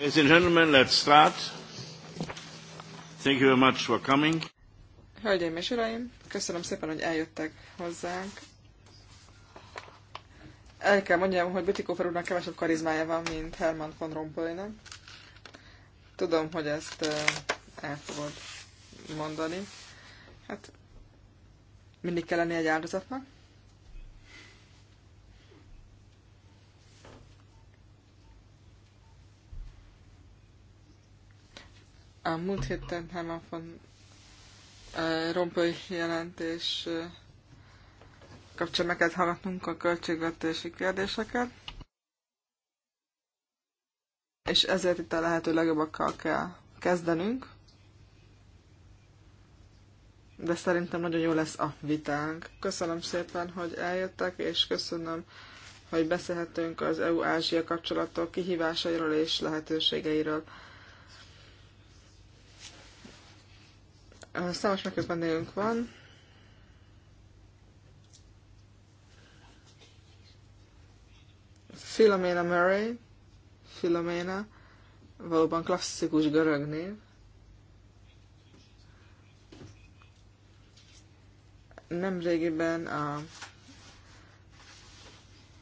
Ladies and gentlemen, let's start. Thank you very much for coming. Hölgyeim és uraim, köszönöm szépen, hogy eljöttek hozzánk el kell mondjam, hogy Bütikofer úrnak kevesebb karizmája van, mint Herman von Rompuynak. Tudom, hogy ezt el fogod mondani. Hát mindig kell lenni egy áldozatnak. A múlt héten Herman von Rompuy jelentés kapcsán meg hallgatnunk a költségvetési kérdéseket, és ezért itt a lehető legjobbakkal kell kezdenünk, de szerintem nagyon jó lesz a vitánk. Köszönöm szépen, hogy eljöttek, és köszönöm, hogy beszélhetünk az EU-Ázsia kapcsolatok kihívásairól és lehetőségeiről. Számos megközben van, Philomena Murray, Philomena, valóban klasszikus görög név. Nemrégiben a,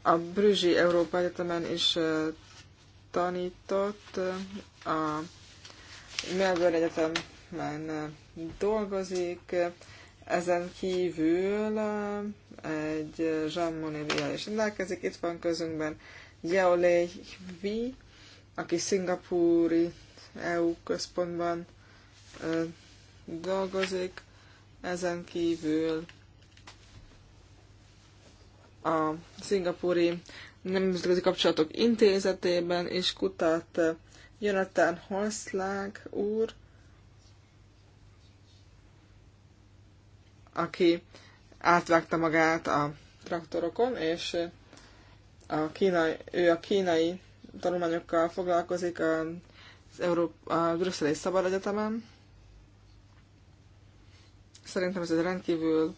a Brüzsi Európa Egyetemen is tanított, a Melbourne Egyetemen dolgozik, ezen kívül egy Jean Monnet is rendelkezik. Itt van közünkben Yeo Lei Vi, aki szingapúri EU központban ö, dolgozik. Ezen kívül a szingapúri Nemzetközi Kapcsolatok Intézetében is kutat Jonathan Horszlák úr, aki átvágta magát a traktorokon, és a kínai, ő a kínai tanulmányokkal foglalkozik az Európa, a Brüsszeli Szabad Egyetemen. Szerintem ez egy rendkívül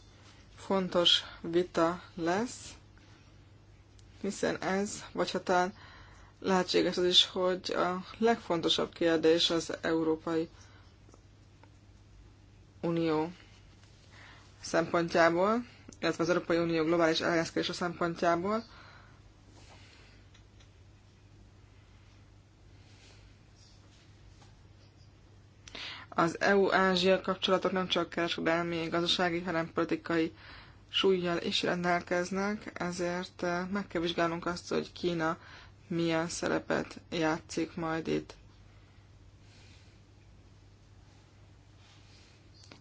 fontos vita lesz, hiszen ez, vagy ha talán lehetséges az is, hogy a legfontosabb kérdés az Európai Unió szempontjából, illetve az Európai Unió globális elhelyezkedése szempontjából. Az EU-Ázsia kapcsolatok nem csak kereskedelmi, gazdasági, hanem politikai súlyjal is rendelkeznek, ezért eh, meg kell vizsgálnunk azt, hogy Kína milyen szerepet játszik majd itt.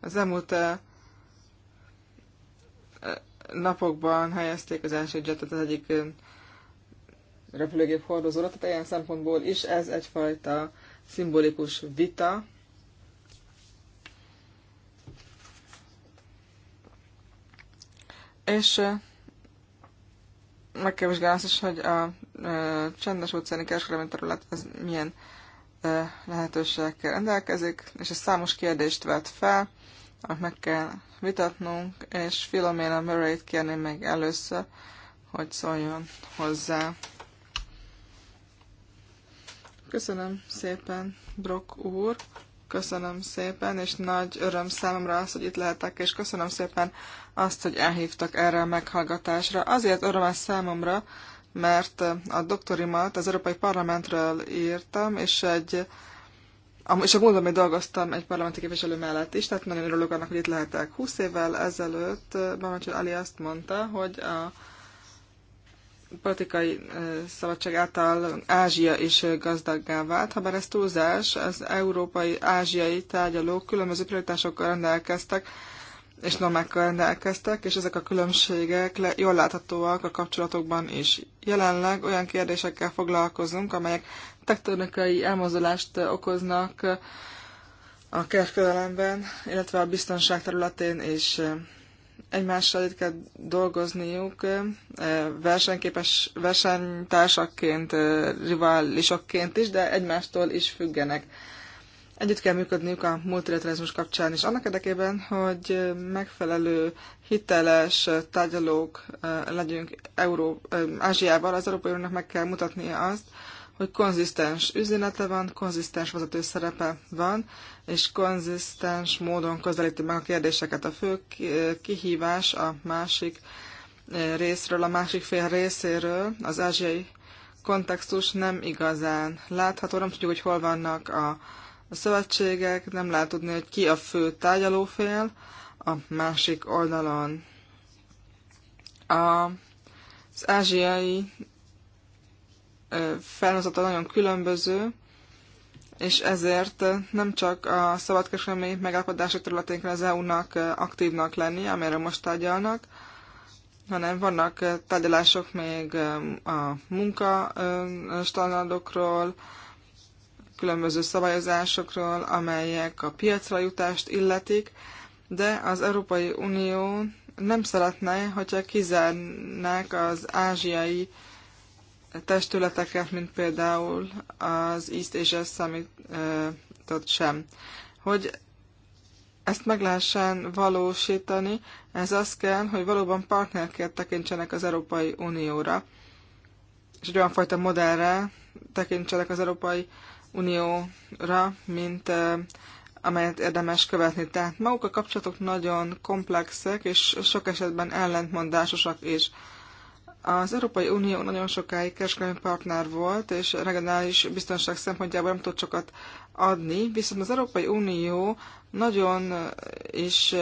Az elmúlt eh, napokban helyezték az első jetet az egyik repülőgép hordozóra, tehát ilyen szempontból is ez egyfajta szimbolikus vita. És meg kell vizsgálni azt is, hogy a csendes óceáni kereskedelmi terület az milyen lehetőségekkel rendelkezik, és ez számos kérdést vet fel, amit ah, meg kell vitatnunk, és Filomena Murray-t kérném meg először, hogy szóljon hozzá. Köszönöm szépen, Brock úr, köszönöm szépen, és nagy öröm számomra az, hogy itt lehetek, és köszönöm szépen azt, hogy elhívtak erre a meghallgatásra. Azért öröm számomra, mert a doktorimat az Európai Parlamentről írtam, és egy és a múltban még dolgoztam egy parlamenti képviselő mellett is, tehát nagyon örülök annak, hogy itt lehetek. 20 évvel ezelőtt eh, Bamacsor Ali azt mondta, hogy a politikai eh, szabadság által Ázsia is gazdaggá vált, ha bár ez túlzás, az európai, ázsiai tárgyalók különböző prioritásokkal rendelkeztek, és normákkal rendelkeztek, és ezek a különbségek le, jól láthatóak a kapcsolatokban is. Jelenleg olyan kérdésekkel foglalkozunk, amelyek tektonikai elmozdulást okoznak a kereskedelemben, illetve a biztonság területén is egymással itt kell dolgozniuk, versenyképes versenytársakként, riválisokként is, de egymástól is függenek. Együtt kell működniük a multilateralizmus kapcsán is, annak érdekében, hogy megfelelő, hiteles tárgyalók legyünk Euró- Ázsiával, az Európai Uniónak meg kell mutatnia azt, hogy konzisztens üzenete van, konzisztens vezető szerepe van, és konzisztens módon közelíti meg a kérdéseket. A fő kihívás a másik eh, részről, a másik fél részéről, az ázsiai kontextus nem igazán látható, nem tudjuk, hogy hol vannak a, szövetségek, nem lehet tudni, hogy ki a fő tárgyalófél a másik oldalon. A, az ázsiai felhozata nagyon különböző, és ezért nem csak a szabadkereskedelmi megállapodások területén kell az EU-nak aktívnak lenni, amire most tárgyalnak, hanem vannak tárgyalások még a munka standardokról, különböző szabályozásokról, amelyek a piacra jutást illetik, de az Európai Unió nem szeretne, hogyha kizárnák az ázsiai testületeket, mint például az East Asia summit sem. Hogy ezt meg lehessen valósítani, ez az kell, hogy valóban partnerként tekintsenek az Európai Unióra, és egy olyan fajta modellre tekintsenek az Európai Unióra, mint amelyet érdemes követni. Tehát maguk a kapcsolatok nagyon komplexek, és sok esetben ellentmondásosak is. És az Európai Unió nagyon sokáig kereskedelmi partner volt, és regionális biztonság szempontjából nem tud sokat adni, viszont az Európai Unió nagyon is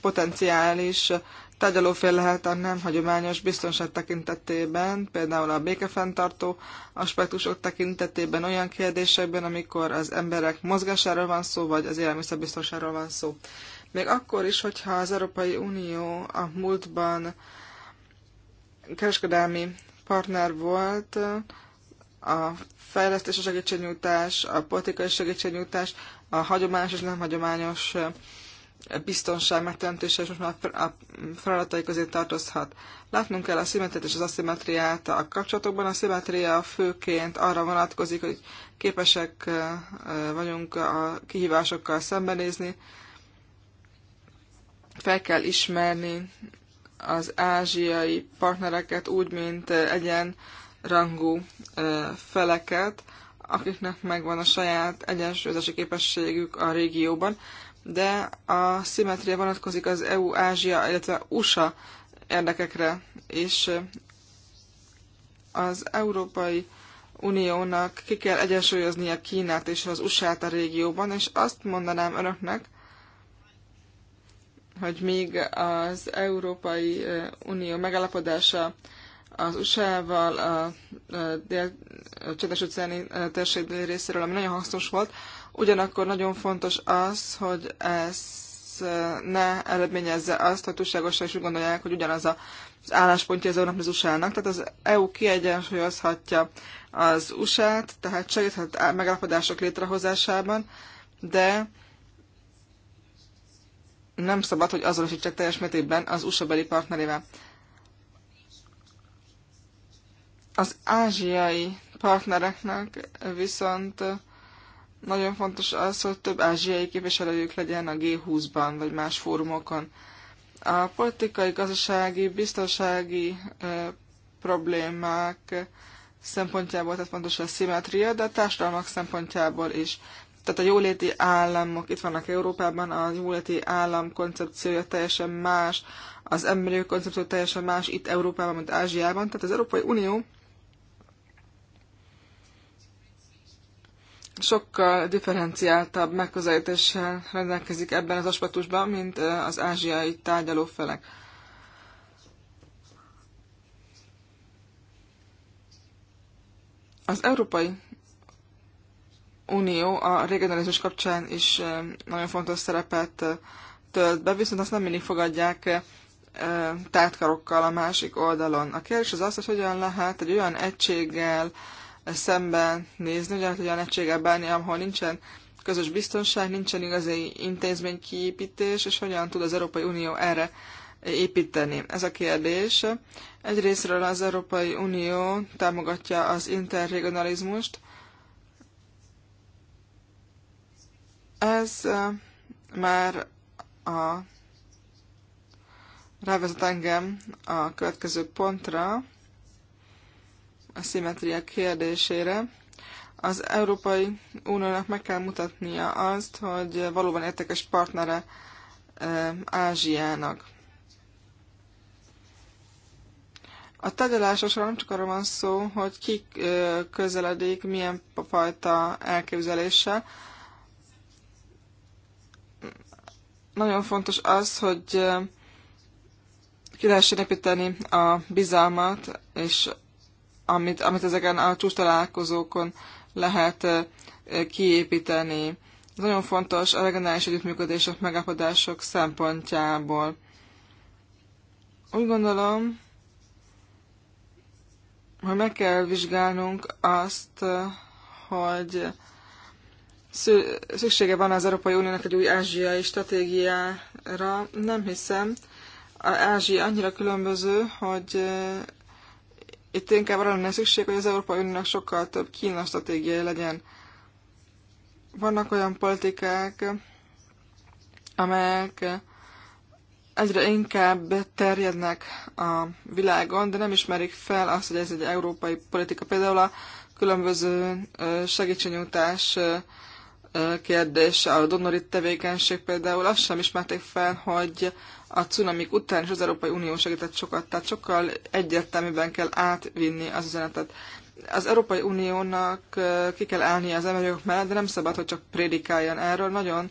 potenciális tárgyalófél lehet a nem hagyományos biztonság tekintetében, például a békefenntartó aspektusok tekintetében olyan kérdésekben, amikor az emberek mozgásáról van szó, vagy az élelmiszerbiztonságról van szó. Még akkor is, hogyha az Európai Unió a múltban kereskedelmi partner volt a fejlesztés, a segítségnyújtás, a politikai segítségnyújtás, a hagyományos és nem hagyományos biztonság megteremtése, és most már a feladatai közé tartozhat. Látnunk kell a szimetriát és az aszimetriát a kapcsolatokban. A szimetria főként arra vonatkozik, hogy képesek vagyunk a kihívásokkal szembenézni, fel kell ismerni az ázsiai partnereket úgy, mint egyen rangú feleket, akiknek megvan a saját egyensúlyozási képességük a régióban, de a szimetria vonatkozik az EU, Ázsia, illetve USA érdekekre, és az Európai Uniónak ki kell egyensúlyoznia Kínát és az USA-t a régióban, és azt mondanám önöknek, hogy még az Európai Unió megállapodása az USA-val a, a, a csendes óceáni térség részéről, ami nagyon hasznos volt, ugyanakkor nagyon fontos az, hogy ez ne eredményezze azt, hogy túlságosan is úgy gondolják, hogy ugyanaz a, az álláspontja az EU-nak, az USA-nak. Tehát az EU kiegyensúlyozhatja az USA-t, tehát segíthet megállapodások létrehozásában, de nem szabad, hogy azonosítsák teljes mértékben az USA beli partnerével. Az ázsiai partnereknek viszont nagyon fontos az, hogy több ázsiai képviselőjük legyen a G20-ban vagy más fórumokon. A politikai, gazdasági, biztonsági ö, problémák szempontjából, tehát fontos a szimetria, de a társadalmak szempontjából is tehát a jóléti államok itt vannak Európában, a jóléti állam koncepciója teljesen más, az emberi koncepció teljesen más itt Európában, mint Ázsiában. Tehát az Európai Unió sokkal differenciáltabb megközelítéssel rendelkezik ebben az aspektusban, mint az ázsiai tárgyalófelek. felek. Az európai Unió a regionalizmus kapcsán is eh, nagyon fontos szerepet eh, tölt be, viszont azt nem mindig fogadják eh, tártkarokkal a másik oldalon. A kérdés az az, hogy hogyan lehet egy olyan egységgel szemben nézni, hogy lehet egy olyan egységgel bánni, ahol nincsen közös biztonság, nincsen igazi intézménykiépítés, és hogyan tud az Európai Unió erre építeni. Ez a kérdés. Egyrésztről az Európai Unió támogatja az interregionalizmust, Ez már a rávezet engem a következő pontra, a szimetria kérdésére. Az Európai Uniónak meg kell mutatnia azt, hogy valóban értékes partnere Ázsiának. A tárgyalásosra nem csak arról van szó, hogy ki közeledik, milyen fajta elképzeléssel, Nagyon fontos az, hogy ki lehessen építeni a bizalmat, és amit, amit ezeken a csúcs találkozókon lehet kiépíteni. Ez nagyon fontos a regionális együttműködések, megállapodások szempontjából. Úgy gondolom, hogy meg kell vizsgálnunk azt, hogy szüksége van az Európai Uniónak egy új ázsiai stratégiára. Nem hiszem. Az Ázsia annyira különböző, hogy itt inkább arra lenne szükség, hogy az Európai Uniónak sokkal több Kína stratégiai legyen. Vannak olyan politikák, amelyek egyre inkább terjednek a világon, de nem ismerik fel azt, hogy ez egy európai politika. Például a különböző segítségnyújtás kérdés, a donori tevékenység például azt sem ismerték fel, hogy a cunamik után is az Európai Unió segített sokat, tehát sokkal egyértelműben kell átvinni az üzenetet. Az Európai Uniónak ki kell állnia az emberi jogok mellett, de nem szabad, hogy csak prédikáljon erről. Nagyon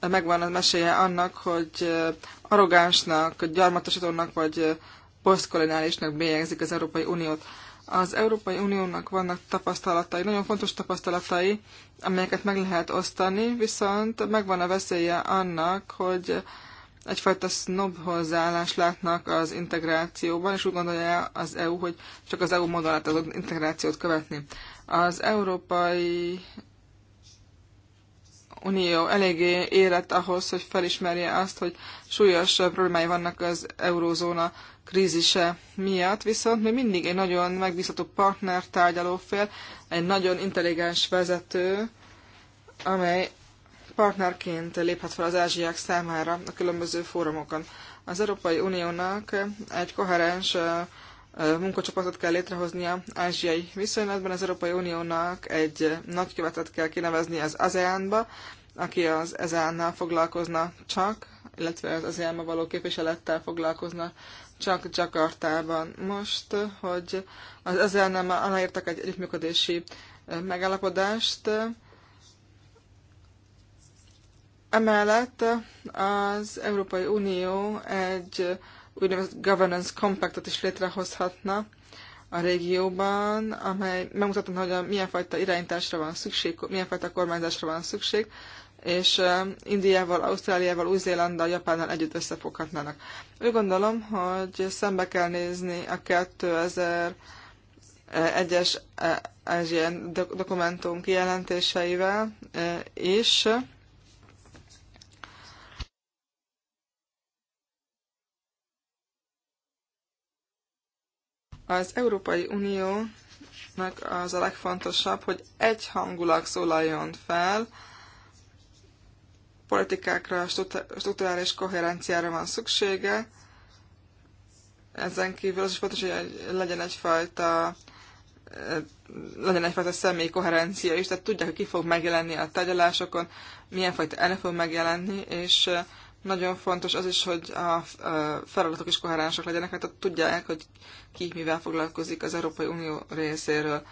megvan az meséje annak, hogy arrogánsnak, gyarmatosítónak vagy posztkolonálisnak bélyegzik az Európai Uniót. Az Európai Uniónak vannak tapasztalatai, nagyon fontos tapasztalatai, amelyeket meg lehet osztani, viszont megvan a veszélye annak, hogy egyfajta snob hozzáállást látnak az integrációban, és úgy gondolja az EU, hogy csak az EU modellát az integrációt követni. Az Európai Unió eléggé érett ahhoz, hogy felismerje azt, hogy súlyos problémái vannak az eurózóna krízise miatt, viszont még mindig egy nagyon megbízható partner, tárgyalófél, egy nagyon intelligens vezető, amely partnerként léphet fel az ázsiák számára a különböző fórumokon. Az Európai Uniónak egy koherens munkacsoportot kell létrehoznia ázsiai viszonylatban, az Európai Uniónak egy nagykövetet kell kinevezni az ASEAN-ba, aki az asean foglalkozna csak, illetve az ASEAN-ba való képviselettel foglalkozna csak Jakartában. Most, hogy az ezzel nem aláírtak egy együttműködési megállapodást, Emellett az Európai Unió egy úgynevezett governance compactot is létrehozhatna a régióban, amely megmutatna, hogy milyen fajta irányításra van szükség, milyen fajta kormányzásra van szükség, és Indiával, Ausztráliával, Új-Zélanddal, Japánnal együtt összefoghatnának. Úgy gondolom, hogy szembe kell nézni a 2001-es e, ilyen dokumentum kijelentéseivel e, is. Az Európai Uniónak az a legfontosabb, hogy hangulag szólaljon fel, politikákra, struktúrális koherenciára van szüksége. Ezen kívül az is fontos, hogy legyen egyfajta eh, legyen egyfajta személyi koherencia is, tehát tudják, hogy ki fog megjelenni a tárgyalásokon, milyen fajta elnök fog megjelenni, és eh, nagyon fontos az is, hogy a eh, feladatok is koherensek legyenek, tehát tudják, hogy ki mivel foglalkozik az Európai Unió részéről.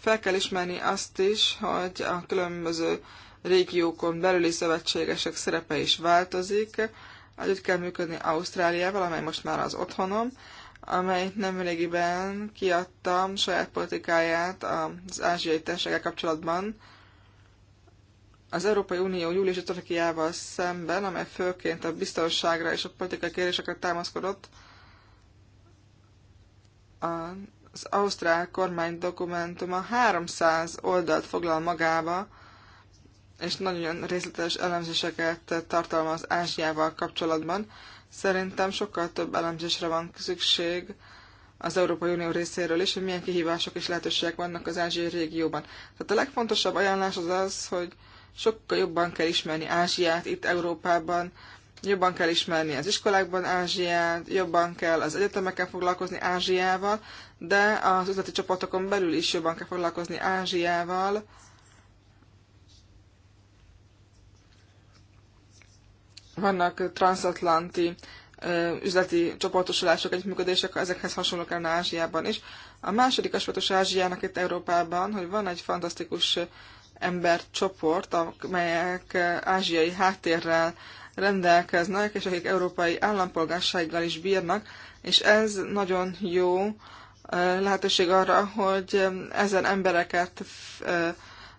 Fel kell ismerni azt is, hogy a különböző régiókon belüli szövetségesek szerepe is változik. Együtt kell működni Ausztráliával, amely most már az otthonom, amely nemrégiben kiadtam saját politikáját az ázsiai térséggel kapcsolatban. Az Európai Unió július Törökiával szemben, amely főként a biztonságra és a politikai kérdésekre támaszkodott, az ausztrál kormány dokumentuma 300 oldalt foglal magába, és nagyon részletes elemzéseket tartalmaz Ázsiával kapcsolatban. Szerintem sokkal több elemzésre van szükség az Európai Unió részéről is, hogy milyen kihívások és lehetőségek vannak az ázsiai régióban. Tehát a legfontosabb ajánlás az az, hogy sokkal jobban kell ismerni Ázsiát itt Európában, jobban kell ismerni az iskolákban Ázsiát, jobban kell az egyetemeken foglalkozni Ázsiával, de az üzleti csapatokon belül is jobban kell foglalkozni Ázsiával, vannak transatlanti üzleti csoportosulások, együttműködések, ezekhez hasonlók kellene Ázsiában is. A második aspektus Ázsiának itt Európában, hogy van egy fantasztikus embercsoport, amelyek ázsiai háttérrel rendelkeznek, és akik európai állampolgársággal is bírnak, és ez nagyon jó lehetőség arra, hogy ezen embereket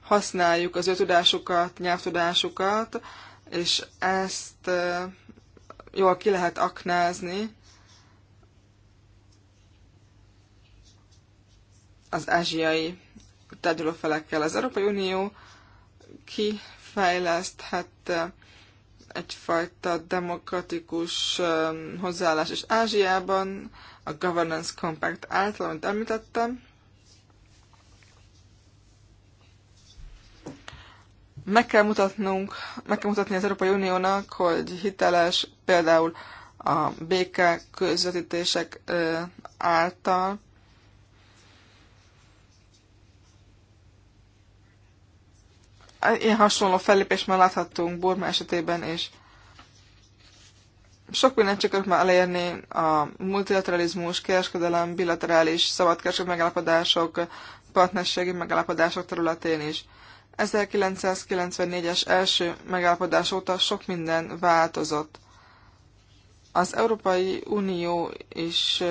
használjuk, az ő tudásukat, nyelvtudásukat, és ezt jól ki lehet aknázni az ázsiai tárgyalófelekkel. Az Európai Unió kifejleszthet egyfajta demokratikus hozzáállás, és Ázsiában a Governance Compact által, amit említettem, Meg kell mutatnunk, meg kell mutatni az Európai Uniónak, hogy hiteles például a BK közvetítések által, ilyen hasonló fellépést már láthattunk Burma esetében, és sok mindent csak már elérni, a multilateralizmus, kereskedelem, bilaterális, szabadkereskedelmi megállapodások, partnerségi megállapodások területén is. 1994-es első megállapodás óta sok minden változott. Az Európai Unió is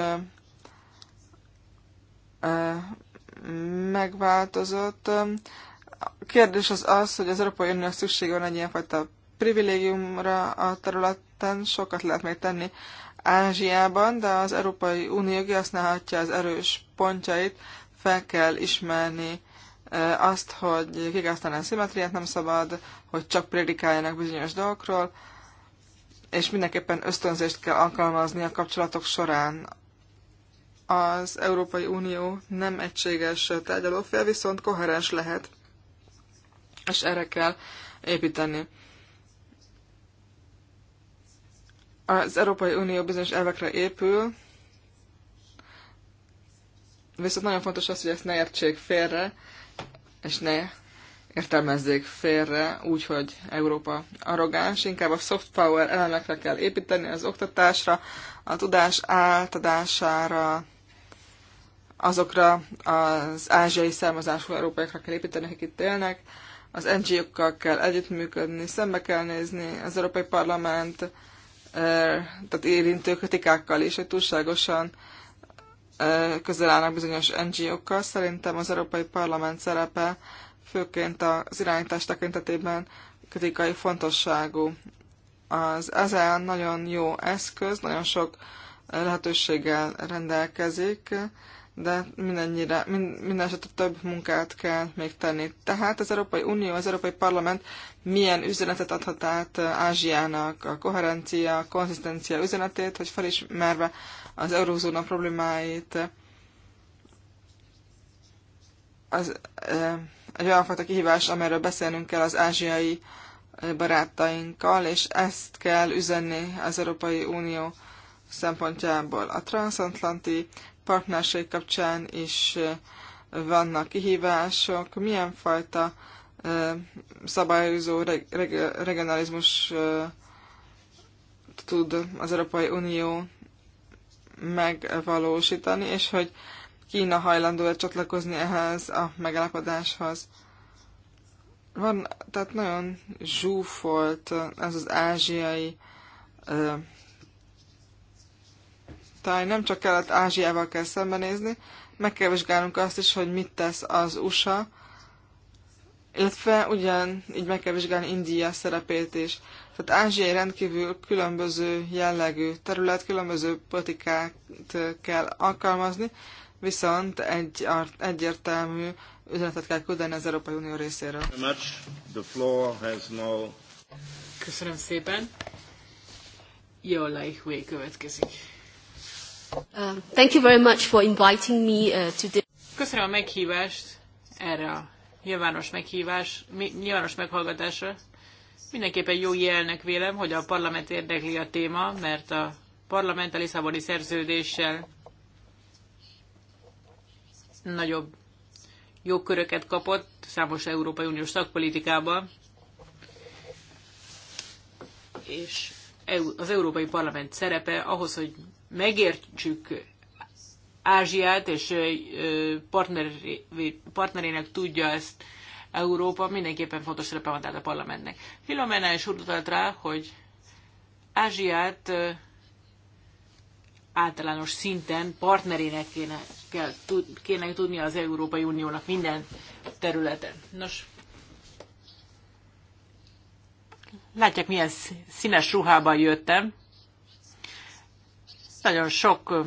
megváltozott. A kérdés az az, hogy az Európai Uniónak szüksége van egy ilyenfajta privilégiumra a területen, sokat lehet még tenni Ázsiában, de az Európai Unió kihasználhatja az erős pontjait, fel kell ismerni Eh, azt, hogy a szimetriát nem szabad, hogy csak prédikáljanak bizonyos dolgokról, és mindenképpen ösztönzést kell alkalmazni a kapcsolatok során. Az Európai Unió nem egységes tárgyalófél, viszont koherens lehet, és erre kell építeni. Az Európai Unió bizonyos elvekre épül, viszont nagyon fontos az, hogy ezt ne értsék félre, és ne értelmezzék félre, úgyhogy Európa arrogáns, inkább a soft power elemekre kell építeni, az oktatásra, a tudás átadására, azokra az ázsiai származású európaiakra kell építeni, akik itt élnek, az NGO-kkal kell együttműködni, szembe kell nézni az Európai Parlament eh, tehát érintő kritikákkal is, hogy túlságosan közel állnak bizonyos NGO-kkal. Szerintem az Európai Parlament szerepe főként az irányítás tekintetében kritikai fontosságú. Az ezen nagyon jó eszköz, nagyon sok lehetőséggel rendelkezik, de mindennyire, minden esetre több munkát kell még tenni. Tehát az Európai Unió, az Európai Parlament milyen üzenetet adhat át Ázsiának, a koherencia, a konzisztencia üzenetét, hogy felismerve az eurózóna problémáit az egy olyan fajta kihívás, amelyről beszélnünk kell az ázsiai barátainkkal, és ezt kell üzenni az Európai Unió szempontjából. A transatlanti partnerség kapcsán is vannak kihívások, milyen fajta szabályozó regionalizmus tud az Európai Unió megvalósítani, és hogy Kína hajlandó-e csatlakozni ehhez a megállapodáshoz. Van, tehát nagyon zsúfolt ez az ázsiai ö, táj. Nem csak kellett ázsiával kell szembenézni, meg kell vizsgálnunk azt is, hogy mit tesz az USA, illetve ugyan így meg kell vizsgálni India szerepét is. Tehát Ázsia rendkívül különböző jellegű terület, különböző politikát kell alkalmazni, viszont egy, egyértelmű üzenetet kell küldeni az Európai Unió részéről. Köszönöm szépen. Jó Hui következik. Uh, thank you very much for inviting me uh, to this. Köszönöm a meghívást erre a nyilvános meghívás, nyilvános meghallgatásra. Mindenképpen jó jelnek vélem, hogy a parlament érdekli a téma, mert a parlament a Lisszaboni szerződéssel nagyobb jogköröket kapott számos Európai Uniós szakpolitikában, és az Európai Parlament szerepe ahhoz, hogy megértsük Ázsiát, és partnerének tudja ezt Európa, mindenképpen fontos szerepe van tehát a parlamentnek. Filomena is utalt rá, hogy Ázsiát általános szinten partnerének kéne, kell, kéne tudnia az Európai Uniónak minden területen. Nos, látják, milyen színes ruhában jöttem. Nagyon sok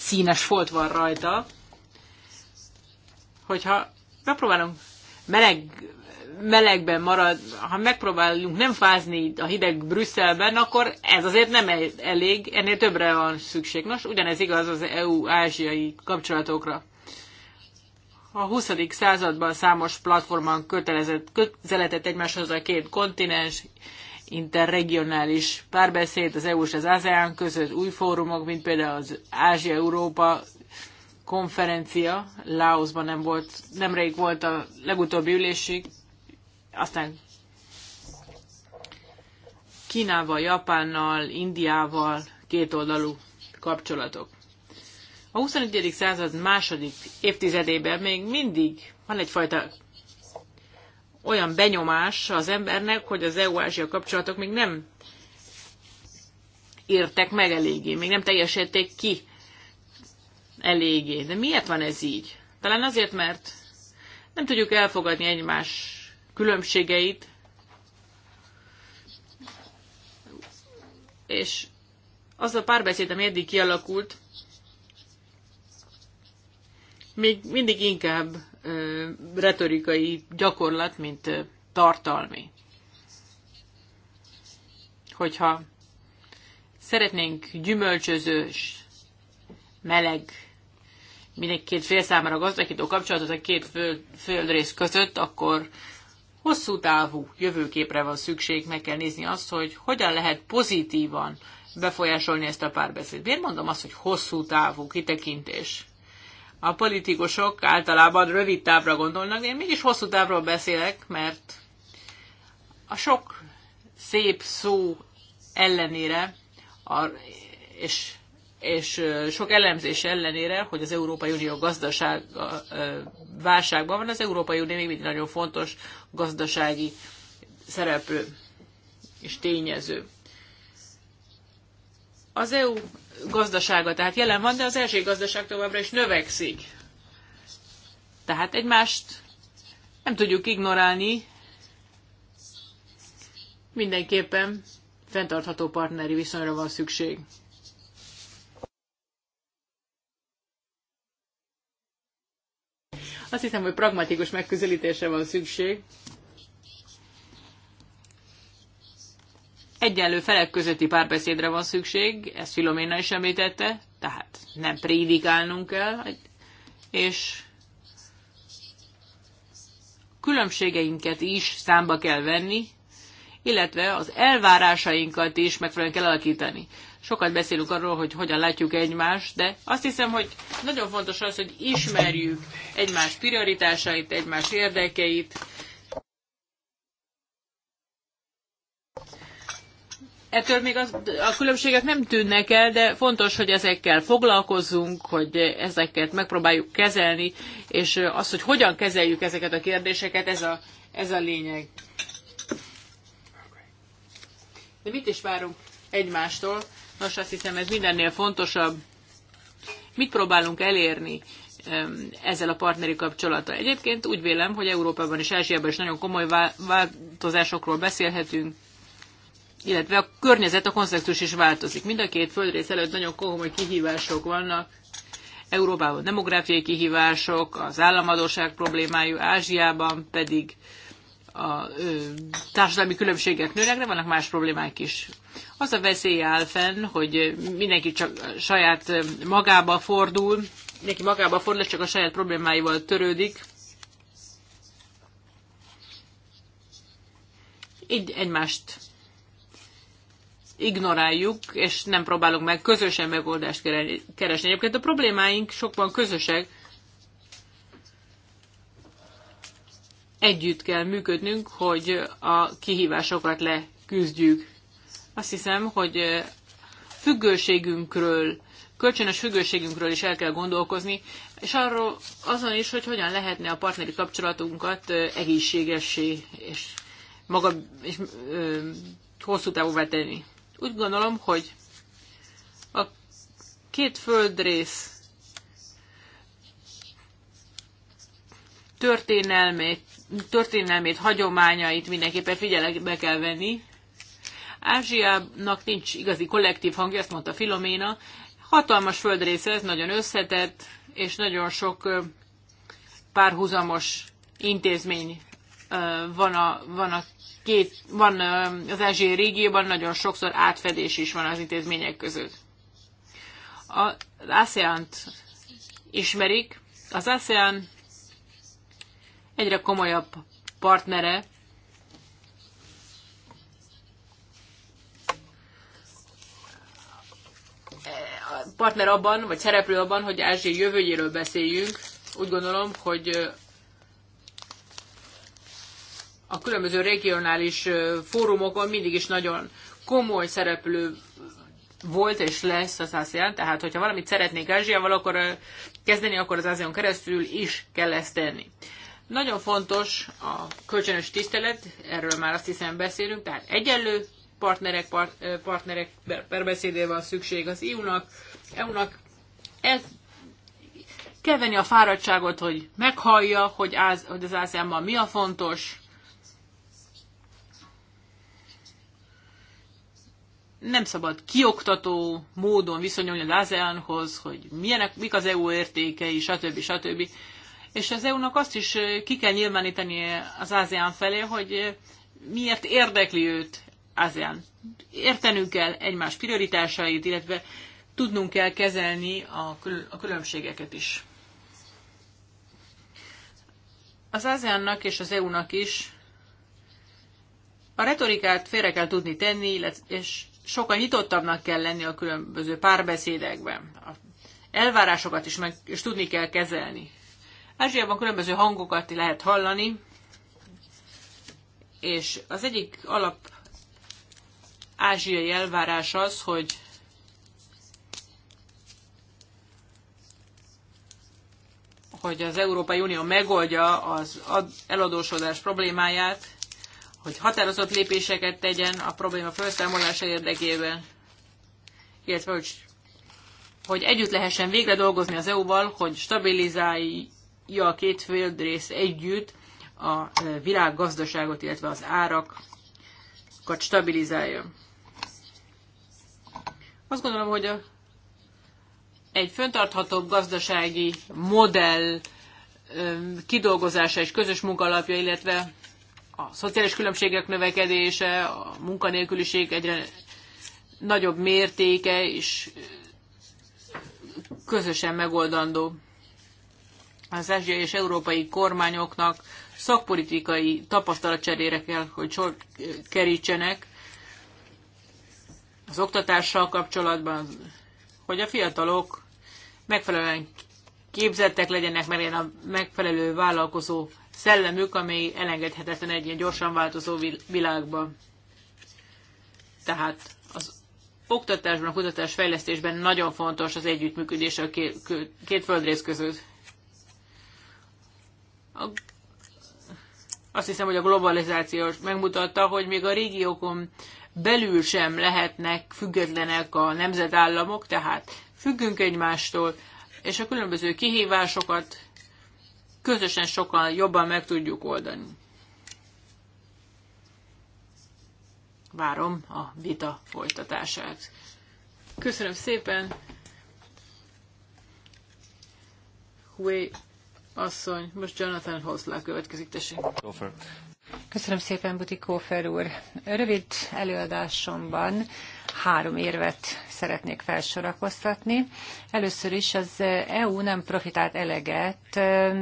színes folt van rajta. Hogyha megpróbálunk meleg, melegben marad, ha megpróbálunk nem fázni a hideg Brüsszelben, akkor ez azért nem elég, ennél többre van szükség. Nos, ugyanez igaz az EU-ázsiai kapcsolatokra. A 20. században számos platformon kötelezett, közeledett egymáshoz a két kontinens, interregionális párbeszéd az EU és az ASEAN között, új fórumok, mint például az Ázsia-Európa konferencia, Laosban nem volt, nemrég volt a legutóbbi ülésig, aztán Kínával, Japánnal, Indiával kétoldalú kapcsolatok. A 21. század második évtizedében még mindig van egyfajta olyan benyomás az embernek, hogy az EU-Ázsia kapcsolatok még nem értek meg eléggé, még nem teljesítették ki eléggé. De miért van ez így? Talán azért, mert nem tudjuk elfogadni egymás különbségeit, és az a párbeszéd, ami eddig kialakult, még mindig inkább retorikai gyakorlat, mint tartalmi. Hogyha szeretnénk gyümölcsözős, meleg, mindegy két fél számára gazdagító kapcsolatot a két föld, földrész között, akkor hosszú távú jövőképre van szükség, meg kell nézni azt, hogy hogyan lehet pozitívan befolyásolni ezt a párbeszéd. Miért mondom azt, hogy hosszú távú kitekintés? a politikusok általában rövid távra gondolnak, de én mégis hosszú távról beszélek, mert a sok szép szó ellenére, a, és, és sok elemzés ellenére, hogy az Európai Unió gazdaság válságban van, az Európai Unió még mindig nagyon fontos gazdasági szereplő és tényező. Az EU gazdasága tehát jelen van, de az első gazdaság továbbra is növekszik. Tehát egymást nem tudjuk ignorálni, mindenképpen fenntartható partneri viszonyra van szükség. Azt hiszem, hogy pragmatikus megközelítésre van szükség. egyenlő felek közötti párbeszédre van szükség, ezt Filoména is említette, tehát nem prédikálnunk kell, és különbségeinket is számba kell venni, illetve az elvárásainkat is megfelelően kell alakítani. Sokat beszélünk arról, hogy hogyan látjuk egymást, de azt hiszem, hogy nagyon fontos az, hogy ismerjük egymás prioritásait, egymás érdekeit, ettől még az, a különbségek nem tűnnek el, de fontos, hogy ezekkel foglalkozzunk, hogy ezeket megpróbáljuk kezelni, és az, hogy hogyan kezeljük ezeket a kérdéseket, ez a, ez a lényeg. De mit is várunk egymástól? Nos, azt hiszem ez mindennél fontosabb. Mit próbálunk elérni ezzel a partneri kapcsolata? Egyébként úgy vélem, hogy Európában és Ázsiában is nagyon komoly változásokról beszélhetünk illetve a környezet, a konszextus is változik. Mind a két földrész előtt nagyon komoly kihívások vannak. Európában demográfiai kihívások, az államadóság problémájú, Ázsiában pedig a ö, társadalmi különbségek nőnek, de vannak más problémák is. Az a veszély áll fenn, hogy mindenki csak saját magába fordul, mindenki magába fordul, csak a saját problémáival törődik. Így egymást ignoráljuk, és nem próbálunk meg közösen megoldást keresni. Egyébként a problémáink sokban közösek. Együtt kell működnünk, hogy a kihívásokat leküzdjük. Azt hiszem, hogy függőségünkről, kölcsönös függőségünkről is el kell gondolkozni, és arról azon is, hogy hogyan lehetne a partneri kapcsolatunkat egészségessé és maga és ö, hosszú távúvá tenni. Úgy gondolom, hogy a két földrész történelmét, történelmét, hagyományait mindenképpen figyelembe kell venni. Ázsiának nincs igazi kollektív hangja, ezt mondta Filoména. Hatalmas földrész ez, nagyon összetett, és nagyon sok párhuzamos intézmény van a, van a két, van az Ázsiai régióban nagyon sokszor átfedés is van az intézmények között. Az asean ismerik. Az ASEAN egyre komolyabb partnere partner abban, vagy szereplő abban, hogy Ázsiai jövőjéről beszéljünk. Úgy gondolom, hogy a különböző regionális fórumokon mindig is nagyon komoly szereplő volt és lesz az ASEAN, tehát hogyha valamit szeretnék Ázsiával akkor kezdeni, akkor az ASEAN keresztül is kell ezt tenni. Nagyon fontos a kölcsönös tisztelet, erről már azt hiszem beszélünk, tehát egyenlő partnerek, part, partnerek perbeszédé van szükség az EU-nak, EU-nak ez kell venni a fáradtságot, hogy meghallja, hogy, az, hogy az ASEAN-ban mi a fontos, nem szabad kioktató módon viszonyulni az ASEANhoz, hogy milyenek, mik az EU értékei, stb. stb. És az EU-nak azt is ki kell nyilvánítani az ASEAN felé, hogy miért érdekli őt ASEAN. Értenünk kell egymás prioritásait, illetve tudnunk kell kezelni a különbségeket is. Az ASEAN-nak és az EU-nak is a retorikát félre kell tudni tenni, és sokkal nyitottabbnak kell lenni a különböző párbeszédekben. A elvárásokat is meg és tudni kell kezelni. Ázsiában különböző hangokat lehet hallani, és az egyik alap ázsiai elvárás az, hogy hogy az Európai Unió megoldja az eladósodás problémáját, hogy határozott lépéseket tegyen a probléma felszámolása érdekében, illetve hogy, hogy együtt lehessen végre dolgozni az EU-val, hogy stabilizálja a két földrész együtt a e, világgazdaságot, illetve az árakat stabilizálja. Azt gondolom, hogy a, egy föntarthatóbb gazdasági modell e, kidolgozása és közös munkalapja, illetve a szociális különbségek növekedése, a munkanélküliség egyre nagyobb mértéke is közösen megoldandó. Az ázsiai és európai kormányoknak szakpolitikai tapasztalatcserére kell, hogy sor kerítsenek az oktatással kapcsolatban, hogy a fiatalok megfelelően képzettek legyenek, mert a megfelelő vállalkozó szellemük, amely elengedhetetlen egy ilyen gyorsan változó világban. Tehát az oktatásban, a kutatás fejlesztésben nagyon fontos az együttműködés a két, földrész között. A, azt hiszem, hogy a globalizáció megmutatta, hogy még a régiókon belül sem lehetnek függetlenek a nemzetállamok, tehát függünk egymástól, és a különböző kihívásokat közösen sokkal jobban meg tudjuk oldani. Várom a vita folytatását. Köszönöm szépen! Hué asszony, most Jonathan Hoszlá következik, tessék. Köszönöm szépen, Butikófer úr. Rövid előadásomban három érvet szeretnék felsorakoztatni. Először is az EU nem profitált eleget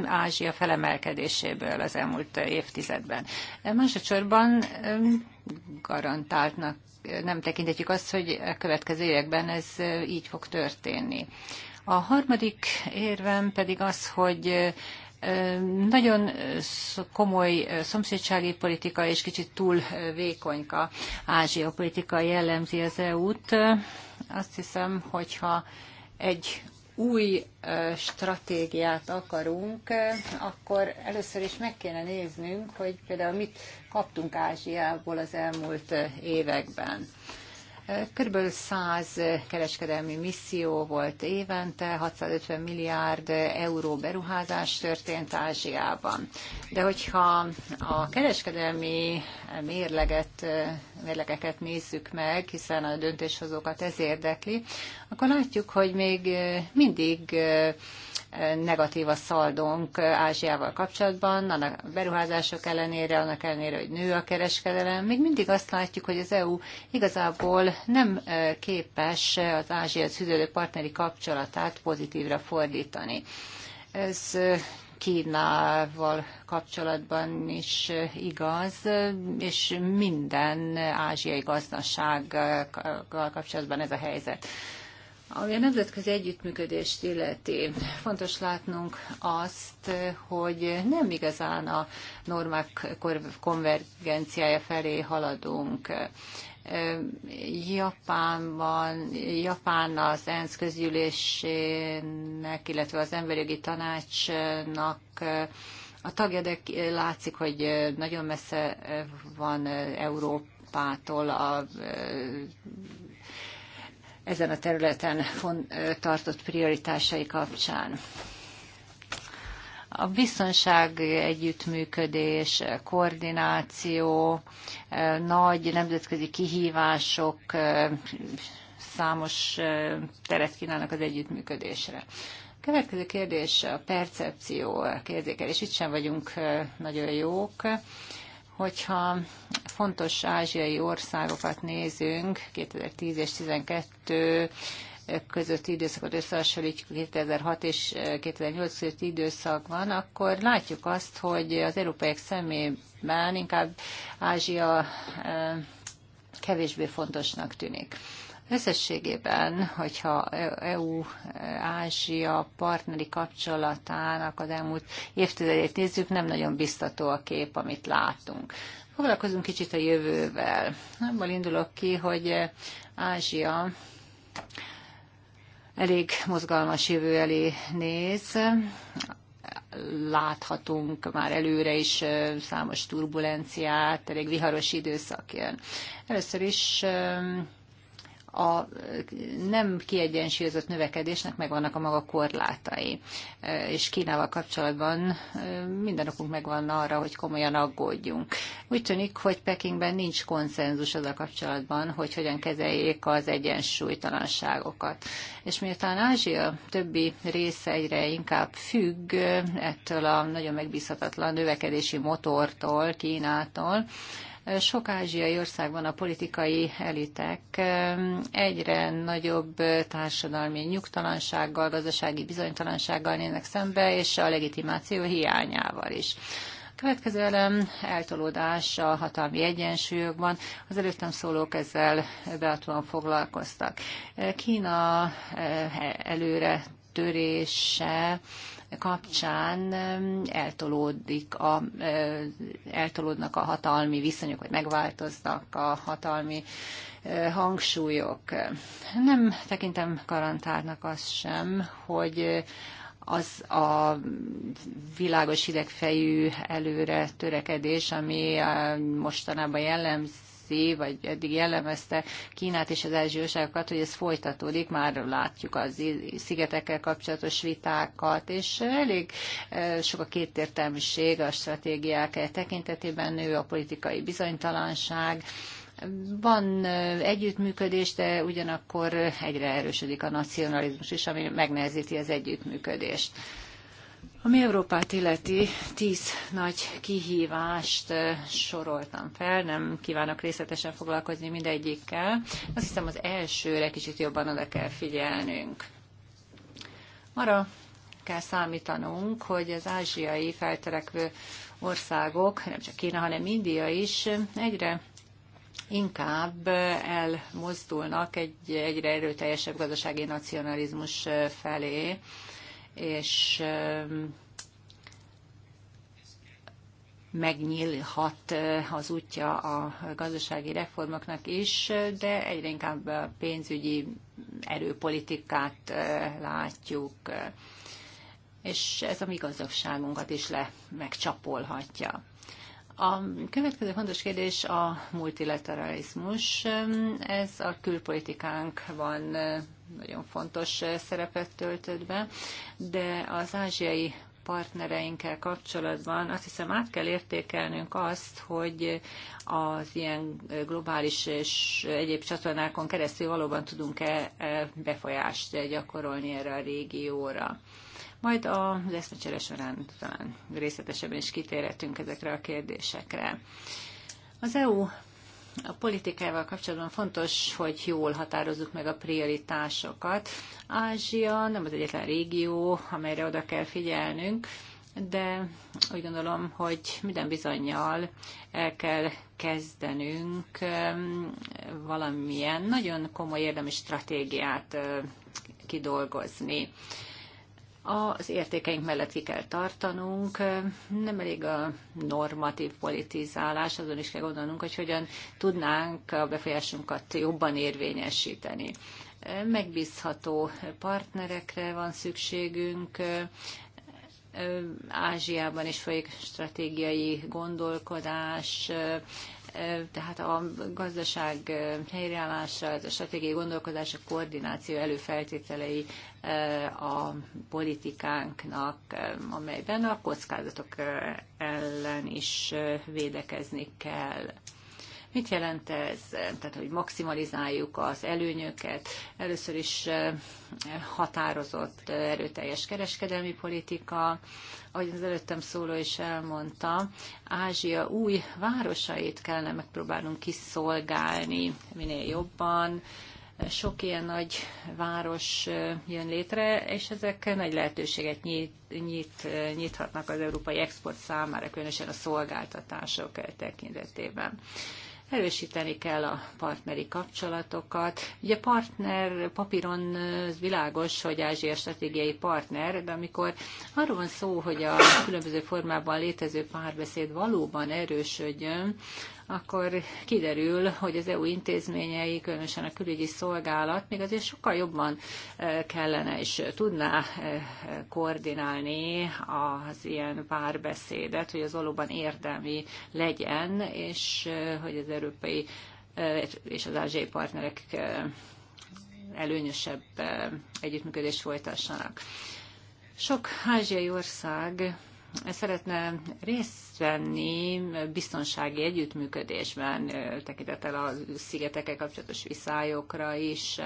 Ázsia felemelkedéséből az elmúlt évtizedben. Másodszorban garantáltnak nem tekintetjük azt, hogy a következő években ez így fog történni. A harmadik érvem pedig az, hogy nagyon komoly szomszédsági politika és kicsit túl vékonyka Ázsia politika jellemzi az EU-t. Azt hiszem, hogyha egy új stratégiát akarunk, akkor először is meg kéne néznünk, hogy például mit kaptunk Ázsiából az elmúlt években. Körülbelül 100 kereskedelmi misszió volt évente, 650 milliárd euró beruházás történt Ázsiában. De hogyha a kereskedelmi mérleget, mérlegeket nézzük meg, hiszen a döntéshozókat ez érdekli, akkor látjuk, hogy még mindig negatív a szaldónk Ázsiával kapcsolatban, annak beruházások ellenére, annak ellenére, hogy nő a kereskedelem. Még mindig azt látjuk, hogy az EU igazából nem e, képes az Ázsihez szűződő partneri kapcsolatát pozitívra fordítani. Ez e, Kínával kapcsolatban is e, igaz, és minden ázsiai gazdasággal kapcsolatban ez a helyzet. Ami a nemzetközi együttműködést illeti, fontos látnunk azt, hogy nem igazán a normák konvergenciája felé haladunk. Japánban, Japán az ENSZ közgyűlésének, illetve az emberjogi tanácsnak a tagja, de látszik, hogy nagyon messze van Európától a ezen a területen tartott prioritásai kapcsán. A biztonság együttműködés, koordináció, nagy nemzetközi kihívások számos teret kínálnak az együttműködésre. Következő kérdés a percepció kérdékel, és itt sem vagyunk nagyon jók. Hogyha fontos ázsiai országokat nézünk, 2010 és 2012 közötti időszakot összehasonlítjuk 2006 és 2008 közötti időszakban, akkor látjuk azt, hogy az európaiak szemében inkább Ázsia eh, kevésbé fontosnak tűnik. Összességében, hogyha EU-Ázsia partneri kapcsolatának az elmúlt évtizedét nézzük, nem nagyon biztató a kép, amit látunk. Foglalkozunk kicsit a jövővel. Abból indulok ki, hogy Ázsia elég mozgalmas jövő elé néz. Láthatunk már előre is számos turbulenciát, elég viharos időszak jön. Először is a nem kiegyensúlyozott növekedésnek megvannak a maga korlátai. És Kínával kapcsolatban minden okunk megvan arra, hogy komolyan aggódjunk. Úgy tűnik, hogy Pekingben nincs konszenzus az a kapcsolatban, hogy hogyan kezeljék az egyensúlytalanságokat. És miután Ázsia többi része egyre inkább függ ettől a nagyon megbízhatatlan növekedési motortól, Kínától, sok ázsiai országban a politikai elitek egyre nagyobb társadalmi nyugtalansággal, gazdasági bizonytalansággal néznek szembe, és a legitimáció hiányával is. A következő elem eltolódás a hatalmi egyensúlyokban. Az előttem szólók ezzel beatóan foglalkoztak. Kína eh, előre törése kapcsán eltolódik a, eltolódnak a hatalmi viszonyok, vagy megváltoznak a hatalmi hangsúlyok. Nem tekintem garantálnak az sem, hogy az a világos hidegfejű előre törekedés, ami mostanában jellemző, jellemzi, vagy eddig jellemezte Kínát és az ázsiai hogy ez folytatódik, már látjuk az szigetekkel kapcsolatos vitákat, és elég e, sok a kétértelműség a stratégiák tekintetében nő a politikai bizonytalanság, van e, együttműködés, de ugyanakkor egyre erősödik a nacionalizmus is, ami megnehezíti az együttműködést. Ami Európát illeti, tíz nagy kihívást eh, soroltam fel, nem kívánok részletesen foglalkozni mindegyikkel. Azt hiszem az elsőre kicsit jobban oda kell figyelnünk. Arra kell számítanunk, hogy az ázsiai felterekvő országok, nem csak Kína, hanem India is egyre inkább elmozdulnak egy egyre erőteljesebb gazdasági nacionalizmus felé és megnyílhat az útja a gazdasági reformoknak is, de egyre inkább a pénzügyi erőpolitikát látjuk, és ez a mi gazdagságunkat is le megcsapolhatja. A következő fontos kérdés a multilateralizmus. Ez a külpolitikánk van nagyon fontos szerepet töltött be, de az ázsiai partnereinkkel kapcsolatban azt hiszem át kell értékelnünk azt, hogy az ilyen globális és egyéb csatornákon keresztül valóban tudunk-e befolyást gyakorolni erre a régióra. Majd az eszmecsere során talán részletesebben is kitérhetünk ezekre a kérdésekre. Az EU a politikával kapcsolatban fontos, hogy jól határozzuk meg a prioritásokat. Ázsia nem az egyetlen régió, amelyre oda kell figyelnünk, de úgy gondolom, hogy minden bizonyal el kell kezdenünk valamilyen nagyon komoly érdemi stratégiát kidolgozni az értékeink mellett ki kell tartanunk. Nem elég a normatív politizálás, azon is kell gondolnunk, hogy hogyan tudnánk a befolyásunkat jobban érvényesíteni. Megbízható partnerekre van szükségünk, Ázsiában is folyik stratégiai gondolkodás, tehát a gazdaság helyreállása, a stratégiai gondolkodás, a koordináció előfeltételei a politikánknak, amelyben a kockázatok ellen is védekezni kell. Mit jelent ez? Tehát, hogy maximalizáljuk az előnyöket. Először is határozott, erőteljes kereskedelmi politika, ahogy az előttem szóló is elmondta, Ázsia új városait kellene megpróbálnunk kiszolgálni minél jobban, sok ilyen nagy város jön létre, és ezek nagy lehetőséget nyit, nyit, nyithatnak az európai export számára, különösen a szolgáltatások tekintetében. Erősíteni kell a partneri kapcsolatokat. Ugye partner papíron világos, hogy Ázsia stratégiai partner, de amikor arról van szó, hogy a különböző formában létező párbeszéd valóban erősödjön, akkor kiderül, hogy az EU intézményei, különösen a külügyi szolgálat még azért sokkal jobban e, kellene és e, tudná e, koordinálni az ilyen párbeszédet, hogy az valóban érdemi legyen, és hogy az európai és az ázsiai partnerek előnyösebb együttműködést folytassanak. Sok ázsiai ország szeretne részt venni biztonsági együttműködésben, tekintettel a szigetekkel kapcsolatos viszályokra is.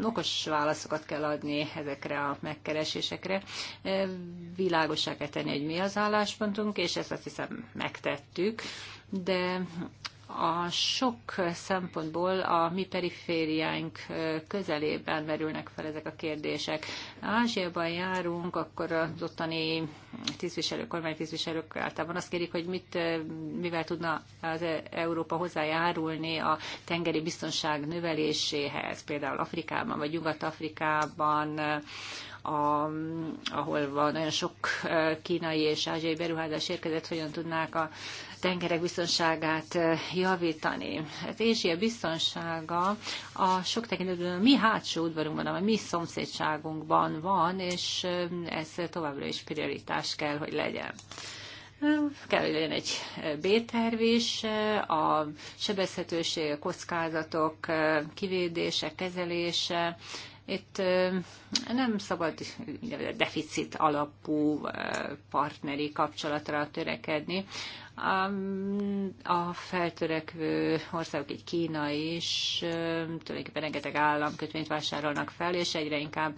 Nokos válaszokat kell adni ezekre a megkeresésekre. Világosá kell tenni, hogy mi az álláspontunk, és ezt azt hiszem megtettük de a sok szempontból a mi perifériáink közelében merülnek fel ezek a kérdések. Ázsiában járunk, akkor az ottani tisztviselők, kormánytisztviselők általában azt kérik, hogy mit, mivel tudna az e- Európa hozzájárulni a tengeri biztonság növeléséhez, például Afrikában vagy Nyugat-Afrikában, a, ahol van nagyon sok kínai és ázsiai beruházás érkezett, hogyan tudnák a tengerek biztonságát eh, javítani. Hát Ázsia biztonsága a sok tekintetben a mi hátsó udvarunkban, a mi szomszédságunkban van, és eh, ez továbbra is prioritás kell, hogy legyen eh, kell, hogy legyen egy B-terv is, a sebezhetőség, a kockázatok kivédése, kezelése. Itt nem szabad deficit alapú partneri kapcsolatra törekedni, a feltörekvő országok, így Kína is tulajdonképpen rengeteg államkötvényt vásárolnak fel, és egyre inkább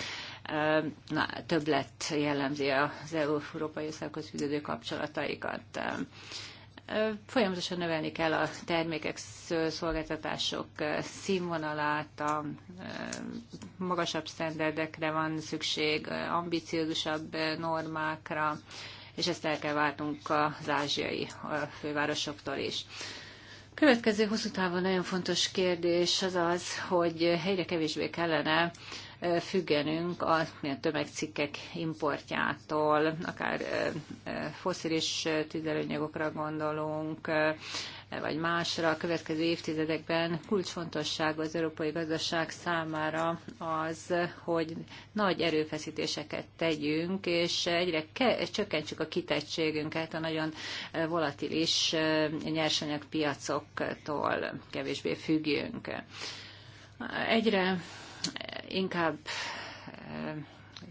na, többlet jellemzi az európai országhoz fűződő kapcsolataikat folyamatosan növelni kell a termékek, szolgáltatások színvonalát, a magasabb sztenderdekre van szükség, ambiciózusabb normákra, és ezt el kell váltunk az ázsiai fővárosoktól is. Következő hosszú távon nagyon fontos kérdés az az, hogy helyre kevésbé kellene függenünk a tömegcikkek importjától, akár foszilis tüzelőanyagokra gondolunk, vagy másra a következő évtizedekben kulcsfontosság az európai gazdaság számára az, hogy nagy erőfeszítéseket tegyünk, és egyre ke- csökkentsük a kitettségünket a nagyon volatilis eh, nyersanyagpiacoktól kevésbé függünk. Egyre inkább eh,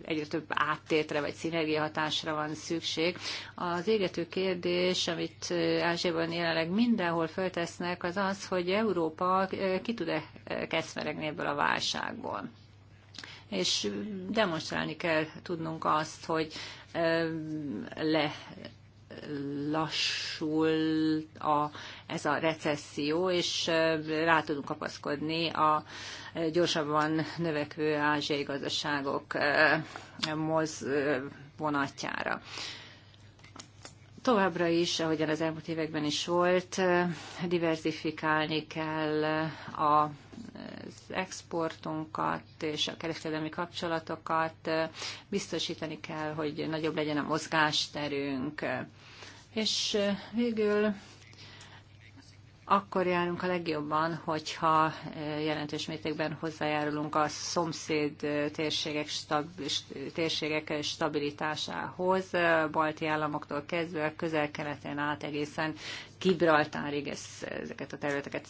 egyre több áttétre vagy szinergiahatásra van szükség. Az égető kérdés, amit Ázsiában jelenleg mindenhol föltesznek, az az, hogy Európa ki tud-e keszmeregni ebből a válságból és demonstrálni kell tudnunk azt, hogy le lassul a, ez a recesszió, és rá tudunk kapaszkodni a gyorsabban növekvő ázsiai gazdaságok eh, moz vonatjára. Továbbra is, ahogyan az elmúlt években is volt, eh, diversifikálni kell a eh, az exportunkat és a kereskedelmi kapcsolatokat, biztosítani kell, hogy nagyobb legyen a mozgásterünk. És végül akkor járunk a legjobban, hogyha e, jelentős mértékben hozzájárulunk a szomszéd e, térségek, stab, térségek stabilitásához, e, balti államoktól kezdve, közel-keleten át egészen Gibraltárig ezeket a területeket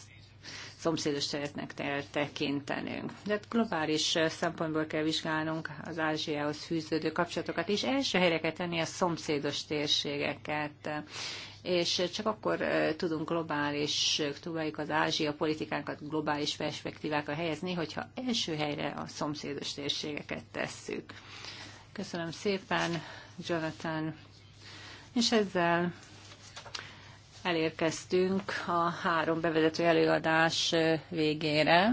szomszédos területnek tekintenünk. De hát globális szempontból kell vizsgálnunk az Ázsiához fűződő kapcsolatokat, és első helyre kell tenni a szomszédos térségeket és csak akkor eh, tudunk globális, eh, tudjuk az Ázsia politikánkat globális perspektívákra helyezni, hogyha első helyre a szomszédos térségeket tesszük. Köszönöm szépen, Jonathan. És ezzel elérkeztünk a három bevezető előadás eh, végére.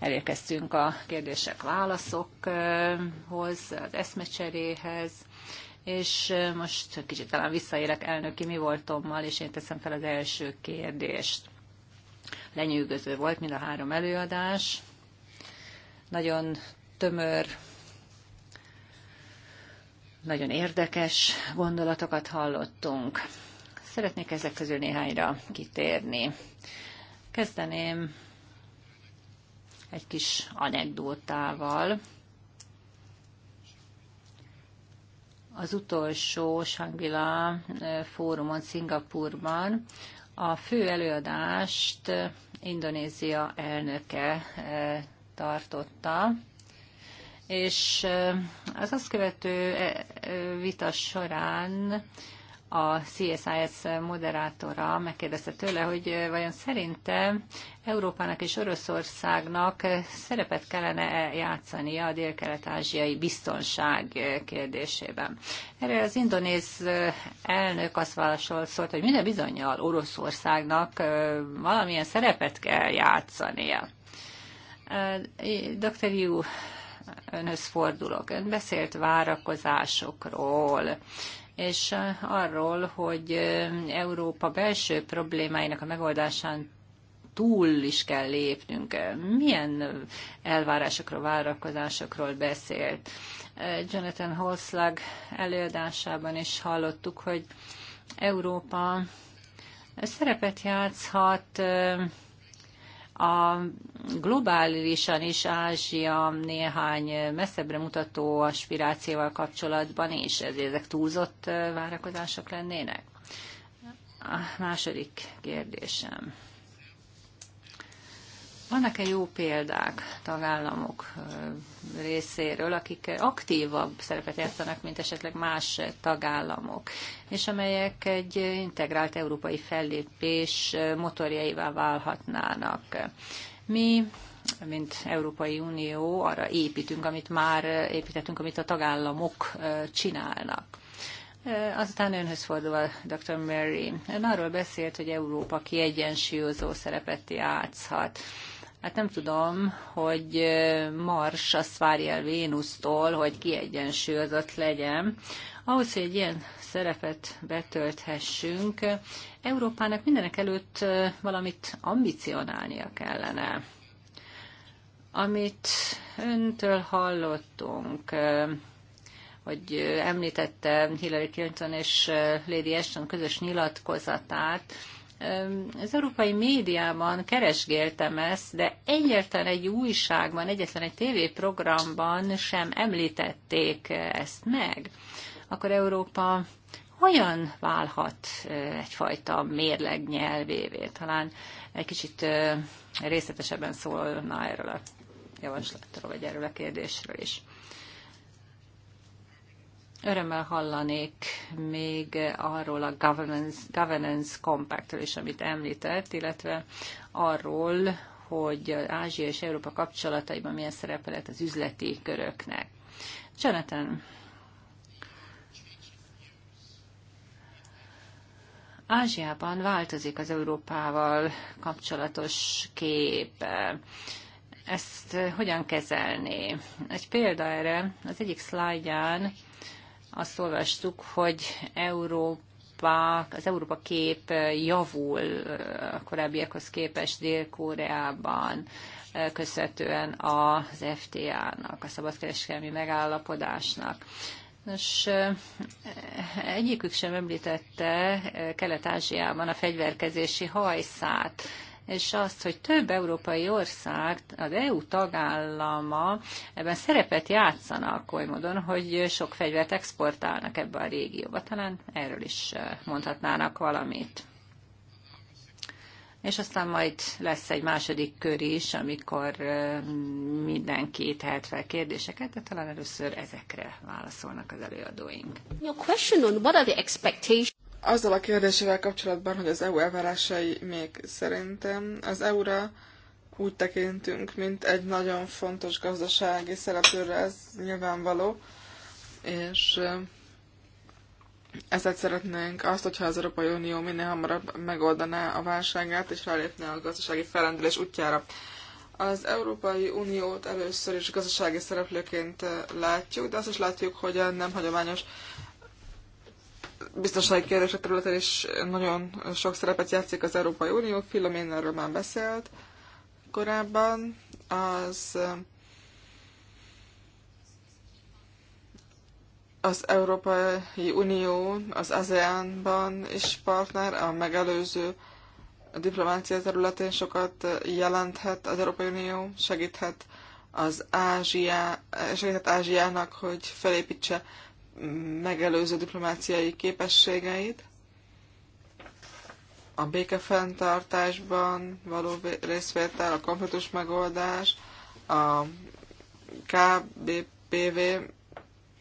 Elérkeztünk a kérdések-válaszokhoz, az eszmecseréhez, és most kicsit talán visszaérek elnöki mi voltommal, és én teszem fel az első kérdést. Lenyűgöző volt mind a három előadás. Nagyon tömör, nagyon érdekes gondolatokat hallottunk. Szeretnék ezek közül néhányra kitérni. Kezdeném egy kis anekdótával az utolsó Sangvila eh, fórumon Szingapurban a fő előadást eh, Indonézia elnöke eh, tartotta, és az azt követő vita során a CSIS moderátora megkérdezte tőle, hogy vajon szerinte Európának és Oroszországnak szerepet kellene -e a dél-kelet-ázsiai biztonság kérdésében. Erre az indonéz elnök azt válaszolt, szólt, hogy minden bizonyal Oroszországnak valamilyen szerepet kell játszania. Dr. Yu, önhöz fordulok. Ön beszélt várakozásokról és arról, hogy Európa belső problémáinak a megoldásán túl is kell lépnünk. Milyen elvárásokról, várakozásokról beszélt? Jonathan Holszlag előadásában is hallottuk, hogy Európa szerepet játszhat a globálisan is Ázsia néhány messzebbre mutató aspirációval kapcsolatban is, ezért ezek túlzott várakozások lennének? A második kérdésem. Vannak-e jó példák tagállamok részéről, akik aktívabb szerepet játszanak, mint esetleg más tagállamok, és amelyek egy integrált európai fellépés motorjaivá válhatnának? Mi mint Európai Unió arra építünk, amit már építettünk, amit a tagállamok csinálnak. Aztán önhöz fordulva Dr. Mary. Ön arról beszélt, hogy Európa kiegyensúlyozó szerepet játszhat. Hát nem tudom, hogy Mars azt várja el Vénusztól, hogy kiegyensúlyozott legyen. Ahhoz, hogy egy ilyen szerepet betölthessünk, Európának mindenek előtt valamit ambicionálnia kellene. Amit öntől hallottunk, hogy említette Hillary Clinton és Lady Ashton közös nyilatkozatát, az európai médiában keresgéltem ezt, de egyetlen egy újságban, egyetlen egy tévéprogramban sem említették ezt meg. Akkor Európa hogyan válhat egyfajta mérleg nyelvévé? Talán egy kicsit részletesebben szólna erről a javaslatról, vagy erről a kérdésről is. Örömmel hallanék még arról a governance, governance compactről is, amit említett, illetve arról, hogy az Ázsia és Európa kapcsolataiban milyen szerepe lett az üzleti köröknek. Jonathan, Ázsiában változik az Európával kapcsolatos kép. Ezt hogyan kezelni? Egy példa erre az egyik szlájdján azt olvastuk, hogy Európa az Európa kép javul a korábbiakhoz képest Dél-Koreában köszönhetően az FTA-nak, a szabadkereskedelmi megállapodásnak. Nos, egyikük sem említette Kelet-Ázsiában a fegyverkezési hajszát és azt, hogy több európai ország, az EU tagállama ebben szerepet játszanak oly módon, hogy sok fegyvert exportálnak ebbe a régióba. Talán erről is mondhatnának valamit. És aztán majd lesz egy második kör is, amikor mindenki tehet fel kérdéseket, de talán először ezekre válaszolnak az előadóink. Your question on what are the expectations? azzal a kérdésével kapcsolatban, hogy az EU elvárásai még szerintem az EU-ra úgy tekintünk, mint egy nagyon fontos gazdasági szereplőre, ez nyilvánvaló, és eh, ezért szeretnénk azt, hogyha az Európai Unió minél hamarabb megoldaná a válságát, és rálépne a gazdasági felrendelés útjára. Az Európai Uniót először is gazdasági szereplőként eh, látjuk, de azt is látjuk, hogy a nem hagyományos biztonsági kérdések területen is nagyon sok szerepet játszik az Európai Unió. Filomén erről már beszélt korábban. Az az Európai Unió az ASEAN-ban is partner, a megelőző diplomácia területén sokat jelenthet az Európai Unió, segíthet az ázsia segíthet Ázsiának, hogy felépítse megelőző diplomáciai képességeit, a békefenntartásban való részvétel, a konfliktus megoldás, a KBPV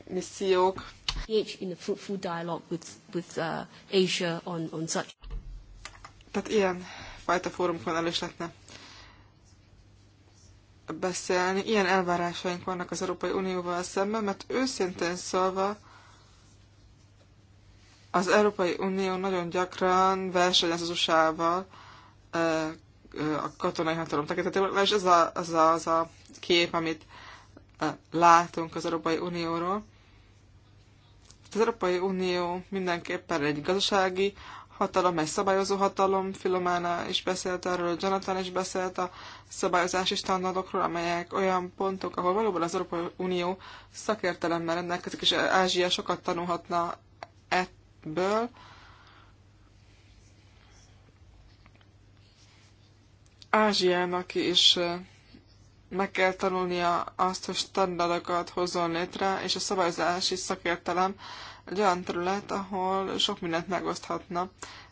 missziók. In a dialogue with, with uh, Asia on, on such. Tehát ilyen fajta fórumokon elő is lehetne beszélni. Ilyen elvárásaink vannak az Európai Unióval szemben, mert őszintén szólva az Európai Unió nagyon gyakran versenyez az USA-val a katonai hatalom tekintetében, és ez, a, a, az a kép, amit látunk az Európai Unióról. Az Európai Unió mindenképpen egy gazdasági hatalom, egy szabályozó hatalom, Filomána is beszélt arról, Jonathan is beszélt a szabályozási standardokról, amelyek olyan pontok, ahol valóban az Európai Unió szakértelemmel rendelkezik, és Ázsia sokat tanulhatna e ből. Ázsiának is meg kell tanulnia azt, hogy standardokat hozzon létre, és a szabályzási szakértelem egy olyan terület, ahol sok mindent megoszthatna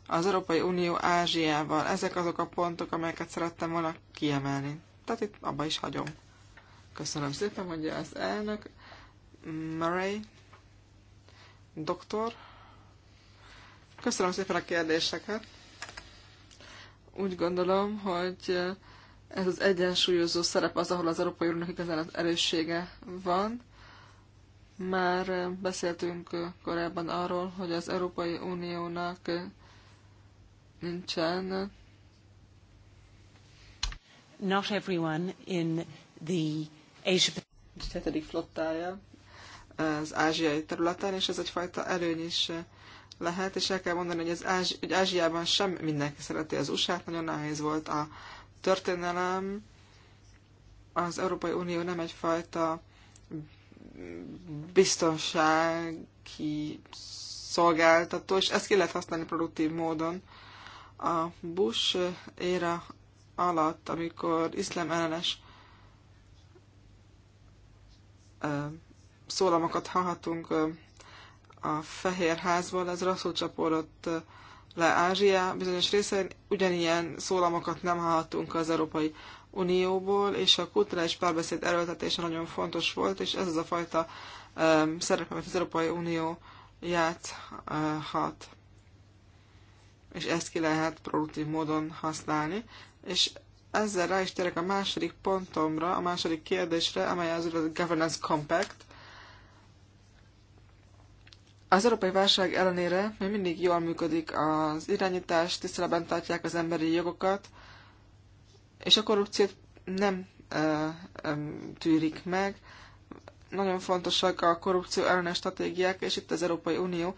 az Európai Unió Ázsiával. Ezek azok a pontok, amelyeket szerettem volna kiemelni. Tehát itt abba is hagyom. Köszönöm szépen, mondja az elnök. Murray doktor. Köszönöm szépen a kérdéseket. Úgy gondolom, hogy ez az egyensúlyozó szerep az, ahol az Európai Uniónak igazán erőssége van. Már beszéltünk korábban arról, hogy az Európai Uniónak nincsen Not everyone in the Asia Pacific flottája az ázsiai területen, és ez egyfajta előny is lehet, és el kell mondani, hogy, az Ázsi, hogy Ázsiában sem mindenki szereti az USA-t, nagyon nehéz volt a történelem. Az Európai Unió nem egyfajta biztonsági szolgáltató, és ezt ki lehet használni produktív módon. A Bush éra alatt, amikor iszlám ellenes szólamokat hallhatunk a fehér házból, ez rosszul csapódott le Ázsia bizonyos részein. Ugyanilyen szólamokat nem hallhattunk az Európai Unióból, és a kulturális párbeszéd erőltetése nagyon fontos volt, és ez az a fajta um, szerep, amit az Európai Unió játszhat. És ezt ki lehet produktív módon használni. És ezzel rá is térek a második pontomra, a második kérdésre, amely az Governance Compact. Az európai válság ellenére még mindig jól működik az irányítás, tiszteletben tartják az emberi jogokat, és a korrupciót nem e, e, tűrik meg. Nagyon fontosak a korrupció ellenes stratégiák, és itt az Európai Unió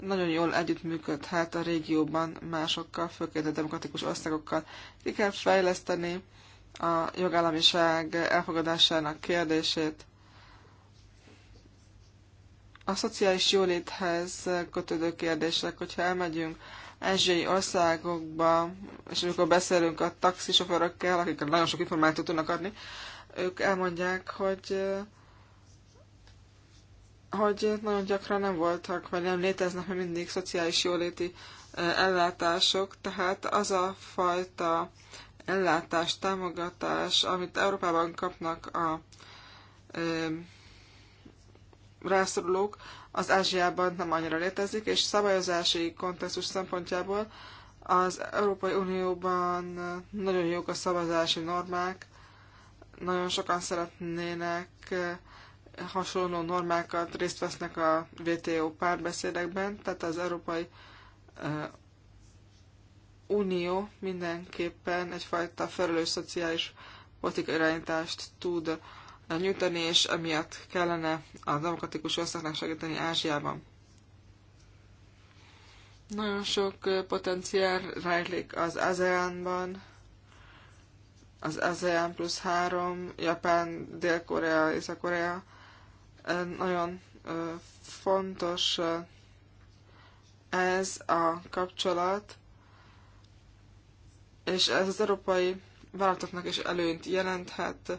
nagyon jól együttműködhet a régióban másokkal, főként a demokratikus országokkal. Ki kell fejleszteni a jogállamiság elfogadásának kérdését a szociális jóléthez kötődő kérdések, hogyha elmegyünk ázsiai országokba, és amikor beszélünk a taxisofőrökkel, akik nagyon sok információt tudnak adni, ők elmondják, hogy hogy nagyon gyakran nem voltak, vagy nem léteznek még mindig szociális jóléti eh, ellátások, tehát az a fajta ellátás, támogatás, amit Európában kapnak a eh, rászorulók az Ázsiában nem annyira létezik, és szabályozási kontextus szempontjából az Európai Unióban nagyon jók a szabályozási normák, nagyon sokan szeretnének eh, hasonló normákat, részt vesznek a WTO párbeszédekben, tehát az Európai eh, Unió mindenképpen egyfajta felelős szociális politikai irányítást tud nyújtani, és emiatt kellene a demokratikus országnak segíteni Ázsiában. Nagyon sok potenciál rejlik az ASEAN-ban, az ASEAN plusz 3, Japán, Dél-Korea, Észak-Korea nagyon fontos ez a kapcsolat, és ez az európai vállalatoknak is előnyt jelenthet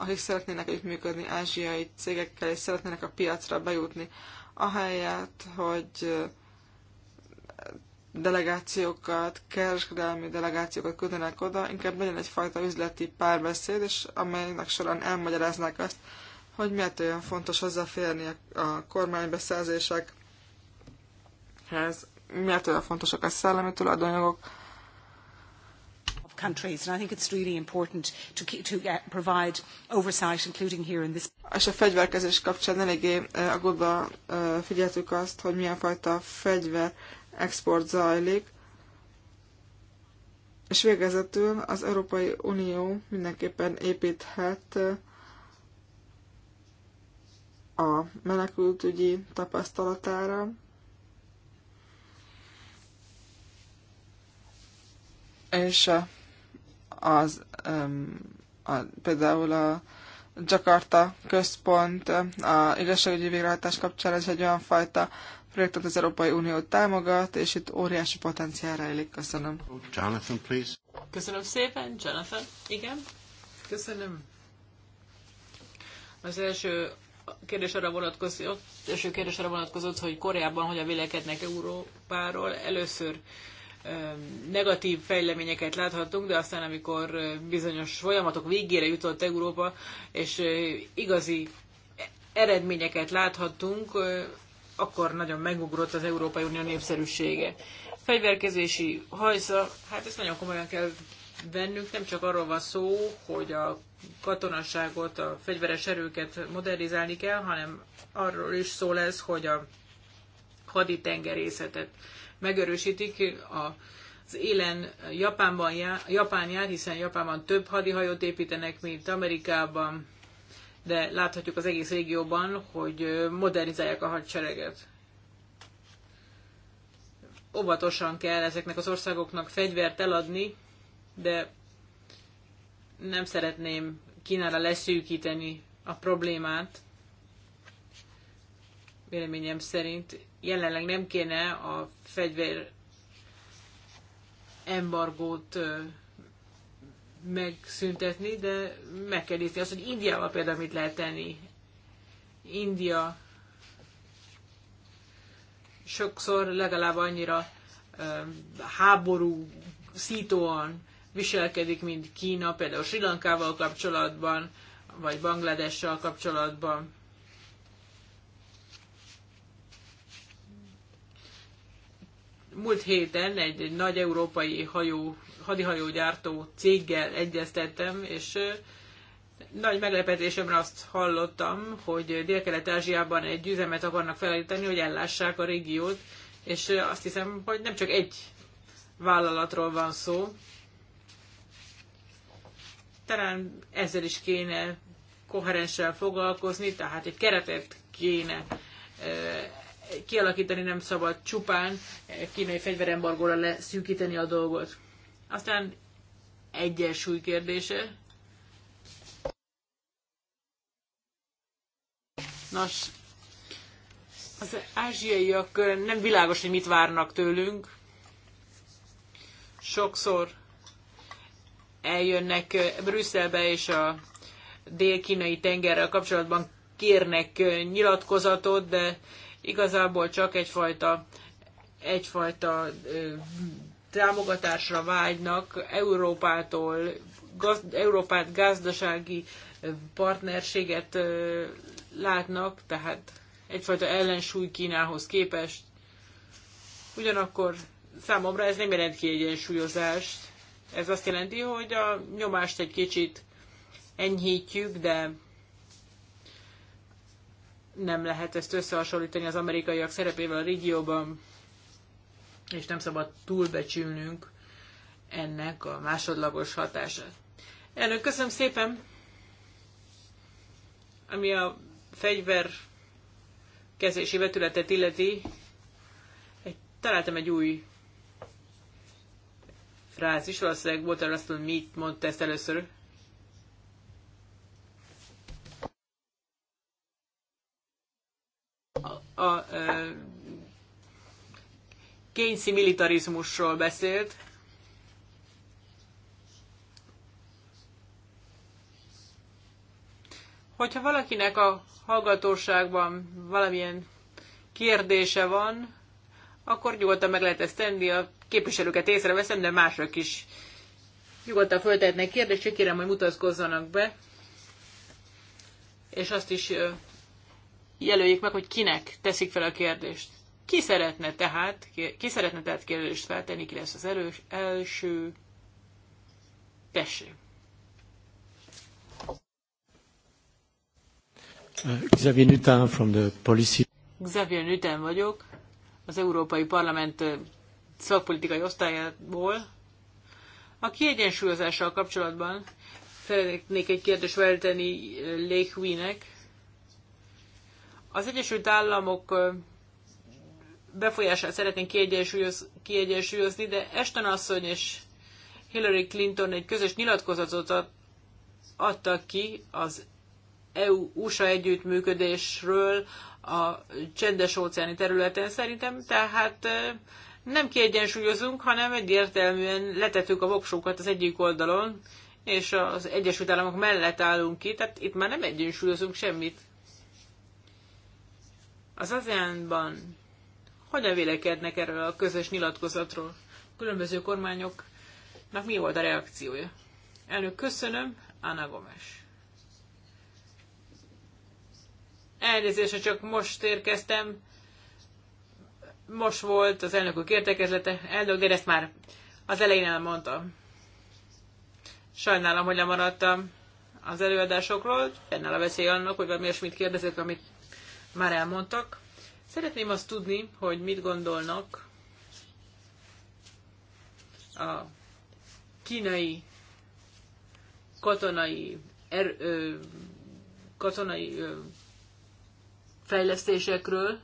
akik szeretnének együttműködni ázsiai cégekkel, és szeretnének a piacra bejutni, ahelyett, hogy delegációkat, kereskedelmi delegációkat küldenek oda, inkább legyen egyfajta üzleti párbeszéd, és amelynek során elmagyaráznák azt, hogy miért olyan fontos hozzáférni a kormánybeszerzésekhez, miért olyan fontosak a szellemi tulajdonjogok, countries. And I think it's really important to, keep, to get, provide oversight, including here in this. És a fegyverkezés kapcsán eléggé eh, aggódva eh, figyeltük azt, hogy milyen fajta fegyver export zajlik. És végezetül az Európai Unió mindenképpen építhet eh, a menekültügyi tapasztalatára, és a az, a, például a Jakarta központ a igazságügyi végrehajtás kapcsán ez egy olyan fajta projektet az Európai Unió támogat, és itt óriási potenciál rejlik. Köszönöm. Jonathan, please. Köszönöm szépen, Jonathan. Igen. Köszönöm. Az első kérdés arra vonatkozott, első kérdés arra vonatkozott, hogy Koreában hogyan vélekednek Európáról. Először negatív fejleményeket láthattunk, de aztán amikor bizonyos folyamatok végére jutott Európa, és igazi eredményeket láthattunk, akkor nagyon megugrott az Európai Unió népszerűsége. Fegyverkezési hajsza, hát ezt nagyon komolyan kell bennünk nem csak arról van szó, hogy a katonasságot, a fegyveres erőket modernizálni kell, hanem arról is szó lesz, hogy a haditengerészetet megerősítik a az élen Japánban jár, Japán jár, hiszen Japánban több hadihajót építenek, mint Amerikában, de láthatjuk az egész régióban, hogy modernizálják a hadsereget. Óvatosan kell ezeknek az országoknak fegyvert eladni, de nem szeretném Kínára leszűkíteni a problémát. Véleményem szerint jelenleg nem kéne a fegyver embargót megszüntetni, de meg kell nézni azt, hogy Indiával például mit lehet tenni. India sokszor legalább annyira háború szítóan viselkedik, mint Kína, például Sri Lankával kapcsolatban, vagy Bangladessal kapcsolatban. múlt héten egy, egy nagy európai hajó, hadihajógyártó céggel egyeztettem, és nagy meglepetésemre azt hallottam, hogy Dél-Kelet-Ázsiában egy üzemet akarnak felállítani, hogy ellássák a régiót, és azt hiszem, hogy nem csak egy vállalatról van szó. Talán ezzel is kéne koherenssel foglalkozni, tehát egy keretet kéne kialakítani nem szabad csupán eh, kínai fegyverembargóra leszűkíteni a dolgot. Aztán egyensúly kérdése. Nos, az ázsiaiak eh, nem világos, hogy mit várnak tőlünk. Sokszor eljönnek eh, Brüsszelbe, és a dél-kínai tengerrel kapcsolatban kérnek nyilatkozatot, de igazából csak egyfajta, egyfajta támogatásra vágynak Európától, gaz, Európát gazdasági partnerséget látnak, tehát egyfajta ellensúly Kínához képest. Ugyanakkor számomra ez nem jelent kiegyensúlyozást. Ez azt jelenti, hogy a nyomást egy kicsit enyhítjük, de nem lehet ezt összehasonlítani az amerikaiak szerepével a régióban, és nem szabad túlbecsülnünk ennek a másodlagos hatását. Elnök, köszönöm szépen! Ami a fegyver kezési vetületet illeti, egy, találtam egy új frázis, valószínűleg Walter Russell mit mondta ezt először, a, a kényszi militarizmusról beszélt. Hogyha valakinek a hallgatóságban valamilyen kérdése van, akkor nyugodtan meg lehet ezt tenni, a képviselőket észreveszem, de mások is nyugodtan föltehetnek kérdést, csak kérem, hogy mutatkozzanak be, és azt is jelöljék meg, hogy kinek teszik fel a kérdést. Ki szeretne tehát, ki szeretne tehát kérdést feltenni, ki lesz az erős, első, tessék. Xavier Nutan from the policy. Xavier Nutan vagyok, az Európai Parlament szakpolitikai osztályából. A kiegyensúlyozással kapcsolatban szeretnék egy kérdést feltenni Léhwinek. Az Egyesült Államok befolyását szeretnénk kiegyensúlyoz, kiegyensúlyozni, de Ashton asszony és Hillary Clinton egy közös nyilatkozatot adtak ki az EU-USA együttműködésről a csendes óceáni területen szerintem, tehát nem kiegyensúlyozunk, hanem egyértelműen letettük a voksunkat az egyik oldalon, és az Egyesült Államok mellett állunk ki, tehát itt már nem egyensúlyozunk semmit. Az ASEAN-ban hogyan vélekednek erről a közös nyilatkozatról? Különböző kormányoknak mi volt a reakciója? Elnök, köszönöm, Anna Gomes. Elnézést, csak most érkeztem. Most volt az elnökök értekezlete. Elnök, de ezt már az elején elmondtam. Sajnálom, hogy lemaradtam az előadásokról. Ennél a veszély annak, hogy valami olyasmit kérdezek, amit már elmondtak. Szeretném azt tudni, hogy mit gondolnak a kínai katonai, er, ö, katonai ö, fejlesztésekről.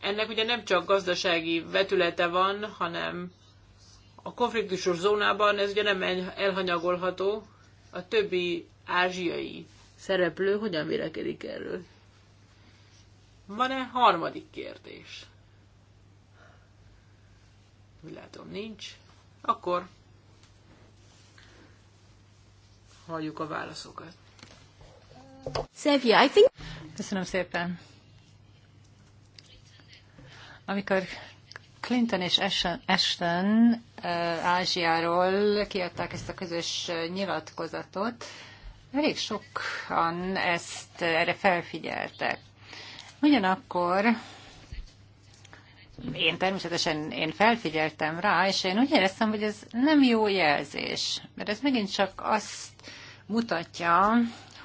Ennek ugye nem csak gazdasági vetülete van, hanem a konfliktusos zónában ez ugye nem elhanyagolható, a többi ázsiai szereplő hogyan vélekedik erről. Van-e harmadik kérdés? Úgy látom, nincs. Akkor halljuk a válaszokat. Szevia, I think... Köszönöm szépen. Amikor Clinton és Ashton eh, Ázsiáról kiadták ezt a közös nyilatkozatot, Elég sokan ezt erre felfigyeltek. Ugyanakkor én természetesen én felfigyeltem rá, és én úgy éreztem, hogy ez nem jó jelzés, mert ez megint csak azt mutatja,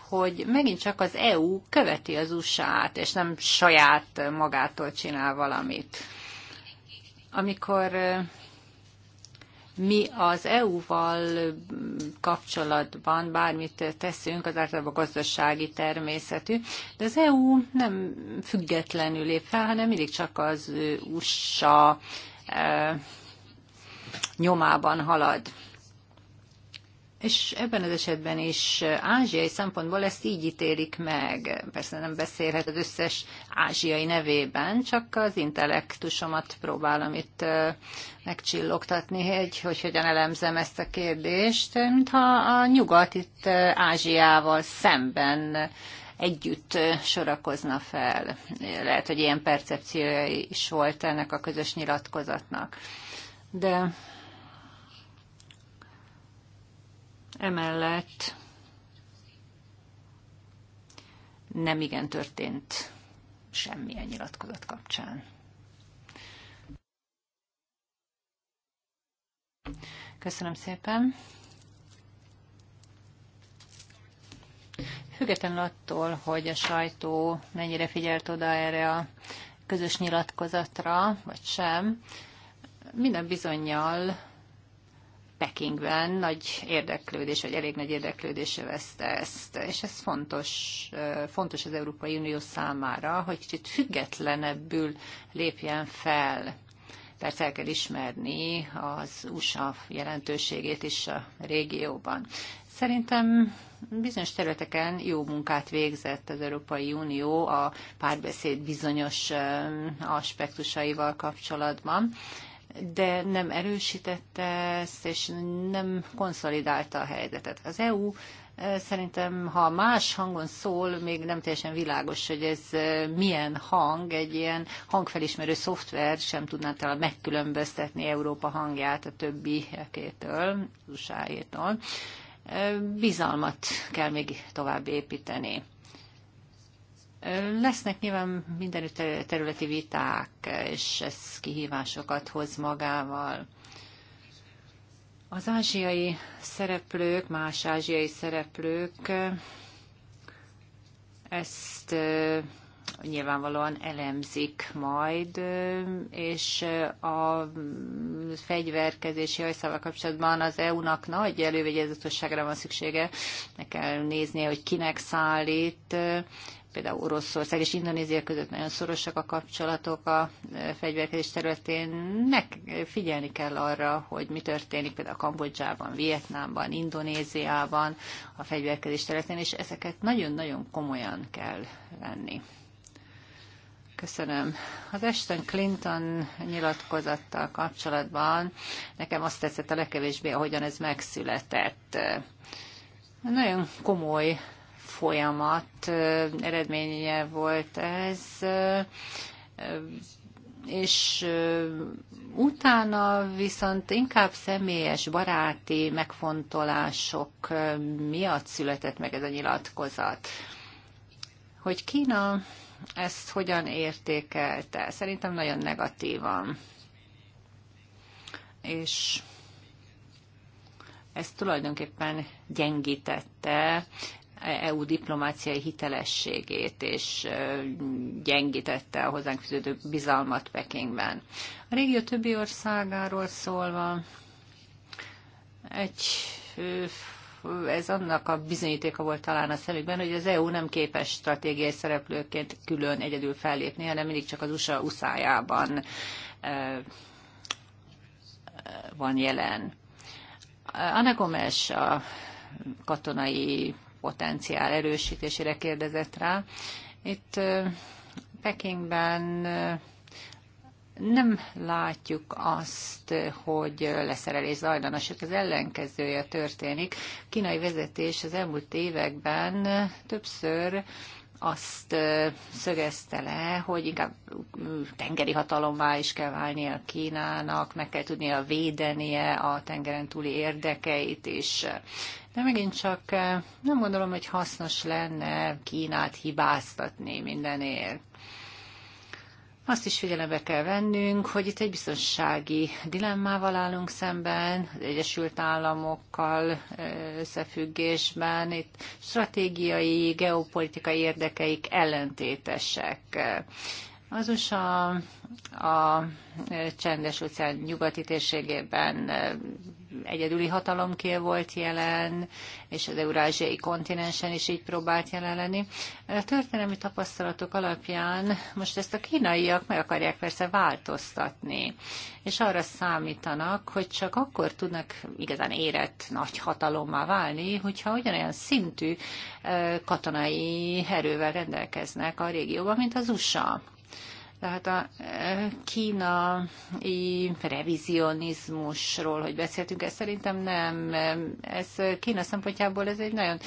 hogy megint csak az EU követi az USA-t, és nem saját magától csinál valamit. Amikor mi az EU-val kapcsolatban bármit teszünk, az általában gazdasági természetű, de az EU nem függetlenül lép fel, hanem mindig csak az USA eh, nyomában halad. És ebben az esetben is ázsiai szempontból ezt így ítélik meg. Persze nem beszélhet az összes ázsiai nevében, csak az intellektusomat próbálom itt megcsillogtatni, hogy, hogy hogyan elemzem ezt a kérdést, mintha a nyugat itt Ázsiával szemben együtt sorakozna fel. Lehet, hogy ilyen percepciója is volt ennek a közös nyilatkozatnak. De Emellett nem igen történt semmilyen nyilatkozat kapcsán. Köszönöm szépen. Függetlenül attól, hogy a sajtó mennyire figyelt oda erre a közös nyilatkozatra, vagy sem, minden bizonyal Pekingben nagy érdeklődés, vagy elég nagy érdeklődés övezte ezt, és ez fontos, fontos az Európai Unió számára, hogy kicsit függetlenebbül lépjen fel. Persze el kell ismerni az USA jelentőségét is a régióban. Szerintem bizonyos területeken jó munkát végzett az Európai Unió a párbeszéd bizonyos aspektusaival kapcsolatban de nem erősítette ezt, és nem konszolidálta a helyzetet. Az EU eh, szerintem, ha más hangon szól, még nem teljesen világos, hogy ez eh, milyen hang, egy ilyen hangfelismerő szoftver sem tudná talán megkülönböztetni Európa hangját a többi USA-tól. Eh, bizalmat kell még tovább építeni. Lesznek nyilván mindenütt területi viták, és ez kihívásokat hoz magával. Az ázsiai szereplők, más ázsiai szereplők eh, ezt eh, nyilvánvalóan elemzik majd, és a fegyverkezési hajszával kapcsolatban az EU-nak nagy elővegyezetosságra van szüksége. Ne kell néznie, hogy kinek szállít, például Oroszország és Indonézia között nagyon szorosak a kapcsolatok a fegyverkezés területén. Nek figyelni kell arra, hogy mi történik például Kambodzsában, Vietnámban, Indonéziában a fegyverkezés területén, és ezeket nagyon-nagyon komolyan kell venni. Köszönöm. Az Ashton Clinton nyilatkozattal kapcsolatban nekem azt tetszett a legkevésbé, ahogyan ez megszületett. Nagyon komoly folyamat eredménye volt ez, és utána viszont inkább személyes, baráti megfontolások miatt született meg ez a nyilatkozat. Hogy Kína ezt hogyan értékelte? Szerintem nagyon negatívan. És ez tulajdonképpen gyengítette EU diplomáciai hitelességét, és gyengítette a hozzánk fűződő bizalmat Pekingben. A régió többi országáról szólva egy ez annak a bizonyítéka volt talán a szemükben, hogy az EU nem képes stratégiai szereplőként külön egyedül fellépni, hanem mindig csak az USA uszájában van jelen. Anna Gomes a katonai potenciál erősítésére kérdezett rá. Itt Pekingben nem látjuk azt, hogy leszerelés zajlana, sőt az ellenkezője történik. A kínai vezetés az elmúlt években többször azt szögezte le, hogy inkább tengeri hatalommá is kell válnia a Kínának, meg kell tudnia védenie a tengeren túli érdekeit is. De megint csak nem gondolom, hogy hasznos lenne Kínát hibáztatni mindenért. Azt is figyelembe kell vennünk, hogy itt egy biztonsági dilemmával állunk szemben, az Egyesült Államokkal összefüggésben, itt stratégiai, geopolitikai érdekeik ellentétesek. Az USA a csendes óceán nyugati térségében egyedüli hatalomként volt jelen, és az eurázsiai kontinensen is így próbált jelen lenni. A történelmi tapasztalatok alapján most ezt a kínaiak meg akarják persze változtatni, és arra számítanak, hogy csak akkor tudnak igazán érett nagy hatalommá válni, hogyha ugyanolyan szintű katonai erővel rendelkeznek a régióban, mint az USA. Tehát a e, kínai revizionizmusról, hogy beszéltünk, ez szerintem nem. E, ez Kína szempontjából ez egy nagyon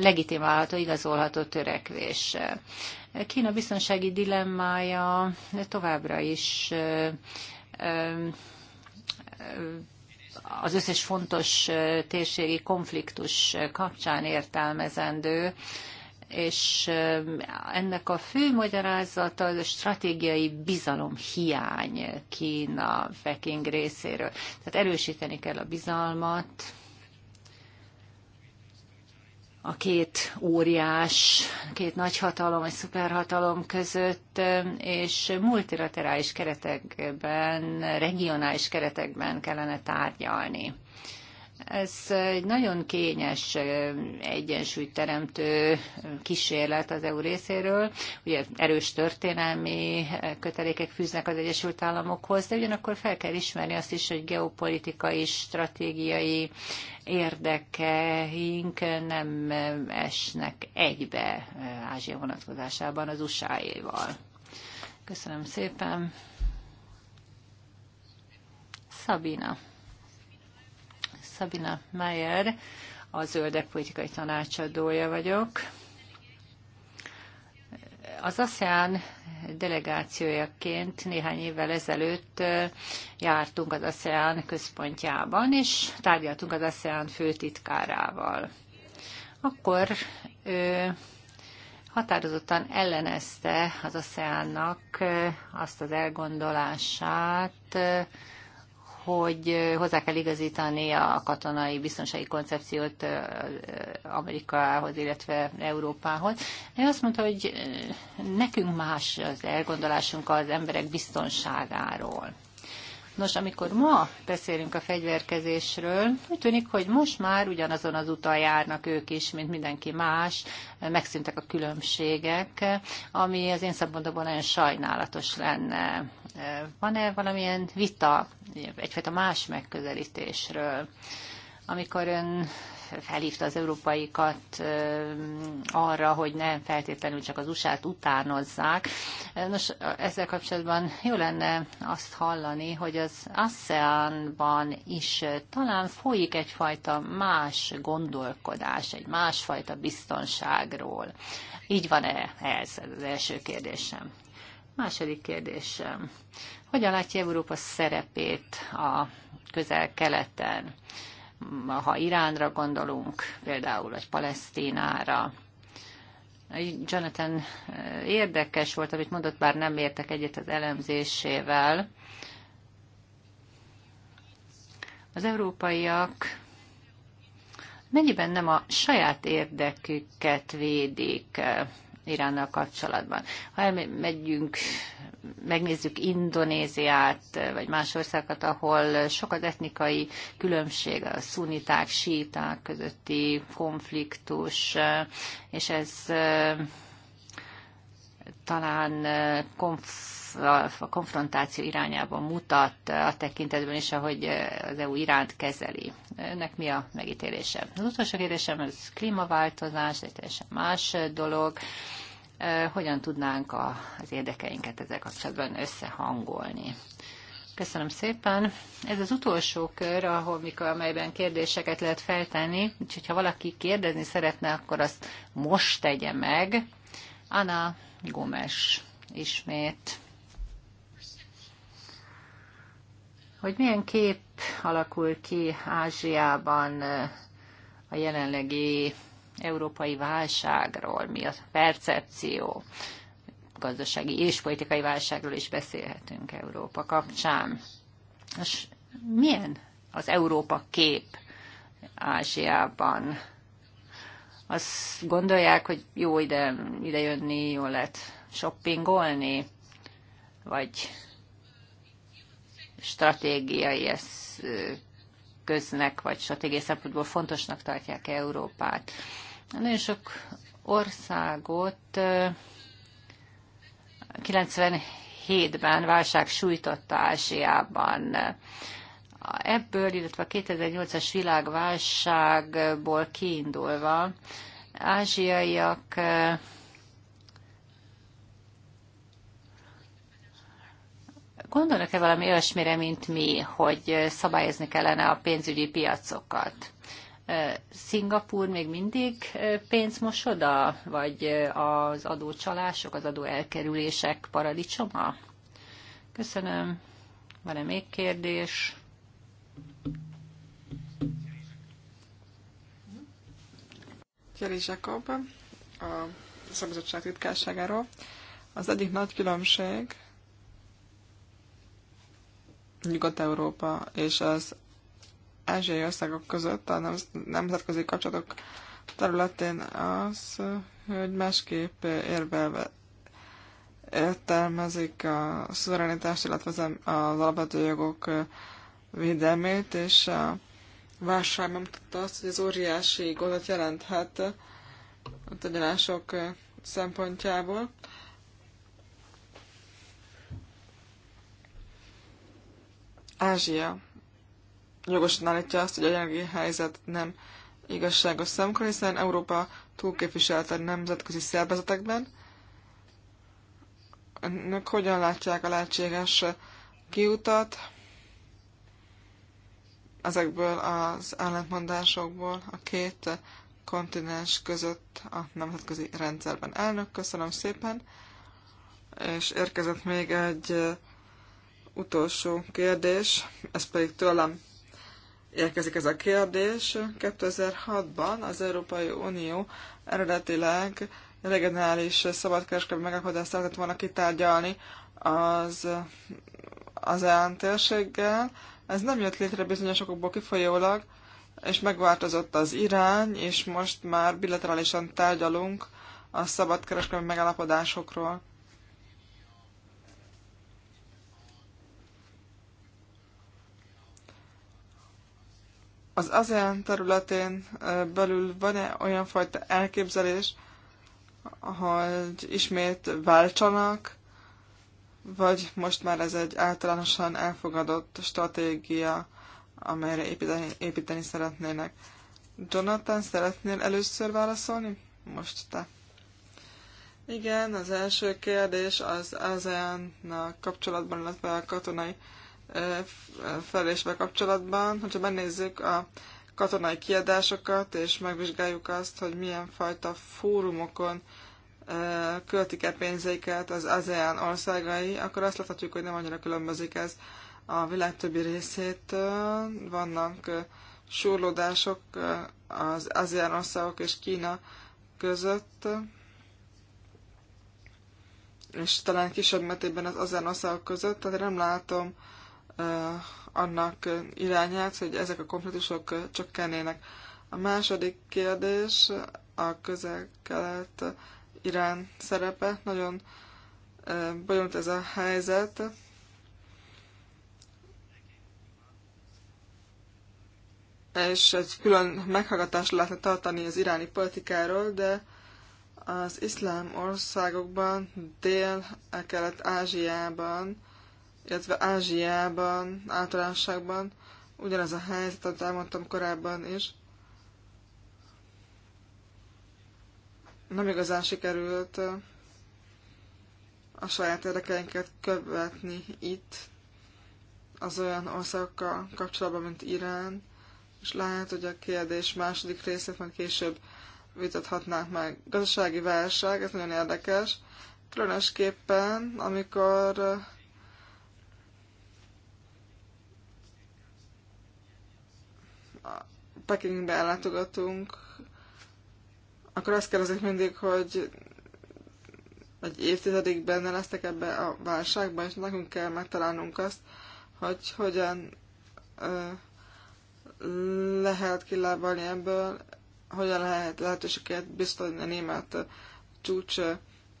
legitimálható, igazolható törekvés. E, Kína biztonsági dilemmája továbbra is az összes fontos térségi konfliktus kapcsán értelmezendő, és ennek a fő magyarázata az a stratégiai bizalom hiány Kína, Peking részéről. Tehát erősíteni kell a bizalmat, a két óriás, két nagyhatalom, egy szuperhatalom között, és multilaterális keretekben, regionális keretekben kellene tárgyalni. Ez egy nagyon kényes egyensúlyteremtő kísérlet az EU részéről. Ugye erős történelmi kötelékek fűznek az Egyesült Államokhoz, de ugyanakkor fel kell ismerni azt is, hogy geopolitikai, stratégiai érdekeink nem esnek egybe Ázsia vonatkozásában az USA-éval. Köszönöm szépen. Sabina. Szabina Mayer, a zöldek politikai tanácsadója vagyok. Az ASEAN delegációjaként néhány évvel ezelőtt jártunk az ASEAN központjában, és tárgyaltunk az ASEAN főtitkárával. Akkor ő határozottan ellenezte az ASEAN-nak azt az elgondolását, hogy hozzá kell igazítani a katonai biztonsági koncepciót Amerikához, illetve Európához. Ő azt mondta, hogy nekünk más az elgondolásunk az emberek biztonságáról. Nos, amikor ma beszélünk a fegyverkezésről, úgy tűnik, hogy most már ugyanazon az úton járnak ők is, mint mindenki más, megszűntek a különbségek, ami az én szabadonban nagyon sajnálatos lenne. Van-e valamilyen vita egyfajta más megközelítésről. Amikor ön felhívta az európaikat arra, hogy nem feltétlenül csak az USA-t utánozzák. Nos, ezzel kapcsolatban jó lenne azt hallani, hogy az ASEAN-ban is talán folyik egyfajta más gondolkodás, egy másfajta biztonságról. Így van-e ez? Ez az első kérdésem. Második kérdés: Hogyan látja Európa szerepét a közel-keleten? Ha Iránra gondolunk, például, vagy Palesztinára, Jonathan érdekes volt, amit mondott, bár nem értek egyet az elemzésével. Az európaiak mennyiben nem a saját érdeküket védik Iránnal kapcsolatban. Ha elmegyünk, megnézzük Indonéziát, vagy más országokat, ahol sok az etnikai különbség, a szuniták, síták közötti konfliktus, és ez eh, talán eh, konfliktus a konfrontáció irányába mutat a tekintetben is, ahogy az EU iránt kezeli. Ennek mi a megítélése? Az utolsó kérdésem az klímaváltozás, egy teljesen más dolog. Hogyan tudnánk az érdekeinket ezzel kapcsolatban összehangolni? Köszönöm szépen. Ez az utolsó kör, ahol mikor, amelyben kérdéseket lehet feltenni, úgyhogy ha valaki kérdezni szeretne, akkor azt most tegye meg. Ana Gomes ismét. hogy milyen kép alakul ki Ázsiában a jelenlegi európai válságról, mi a percepció, gazdasági és politikai válságról is beszélhetünk Európa kapcsán. És milyen az Európa kép Ázsiában? Azt gondolják, hogy jó ide, ide jönni, jól lehet shoppingolni, vagy stratégiai köznek, vagy stratégiai szempontból fontosnak tartják Európát. Nagyon sok országot 97-ben válság sújtotta Ázsiában. Ebből, illetve a 2008-as világválságból kiindulva, ázsiaiak Gondolnak-e valami olyasmire, mint mi, hogy szabályozni kellene a pénzügyi piacokat? Szingapúr még mindig pénzmosoda, vagy az adócsalások, az adóelkerülések paradicsoma? Köszönöm. Van-e még kérdés? Kéri Zsakob, a szabadság titkárságáról. Az egyik nagy különbség Nyugat-Európa és az ázsiai országok között a nemzetközi kapcsolatok területén az, hogy másképp érvelve értelmezik a szuverenitást, illetve az alapvető jogok védelmét, és a válság megmutatta azt, hogy ez óriási gondot jelenthet a tagyalások szempontjából. Ázsia jogosan állítja azt, hogy a jelenlegi helyzet nem igazságos számukra, hiszen Európa túlképviselte nemzetközi szervezetekben. Önök hogyan látják a lehetséges kiutat ezekből az ellentmondásokból a két kontinens között a nemzetközi rendszerben. Elnök, köszönöm szépen, és érkezett még egy utolsó kérdés, ez pedig tőlem érkezik ez a kérdés. 2006-ban az Európai Unió eredetileg regionális szabadkereskedelmi megállapodást szeretett volna kitárgyalni az az EAN térséggel. Ez nem jött létre bizonyos okokból kifolyólag, és megváltozott az irány, és most már bilaterálisan tárgyalunk a szabadkereskedelmi megállapodásokról. Az ASEAN területén belül van-e olyan fajta elképzelés, hogy ismét váltsanak, vagy most már ez egy általánosan elfogadott stratégia, amelyre építeni, építeni szeretnének. Jonathan, szeretnél először válaszolni? Most te. Igen, az első kérdés az ASEAN-nak kapcsolatban, illetve a katonai felvésbe kapcsolatban, hogyha megnézzük a katonai kiadásokat, és megvizsgáljuk azt, hogy milyen fajta fórumokon költik el pénzeiket az ASEAN országai, akkor azt láthatjuk, hogy nem annyira különbözik ez a világ többi részét. Vannak súrlódások az ASEAN országok és Kína között, és talán kisebb metében az ASEAN országok között, tehát nem látom annak irányát, hogy ezek a konfliktusok csökkennének. A második kérdés a közel-kelet Irán szerepe. Nagyon bonyolult ez a helyzet. És egy külön meghallgatást lehetne tartani az iráni politikáról, de az iszlám országokban, dél-kelet-ázsiában illetve Ázsiában általánosságban ugyanez a helyzet, amit elmondtam korábban is. Nem igazán sikerült a saját érdekeinket követni itt, az olyan országokkal kapcsolatban, mint Irán, és lehet, hogy a kérdés második részét majd később vitathatnánk meg. Gazdasági válság, ez nagyon érdekes, különösképpen, amikor Pekingbe ellátogatunk, akkor azt kérdezik mindig, hogy egy évtizedig benne lesztek ebbe a válságban, és nekünk kell megtalálnunk azt, hogy hogyan ö, lehet kilábalni ebből, hogyan lehet lehetőséget biztosítani a német csúcs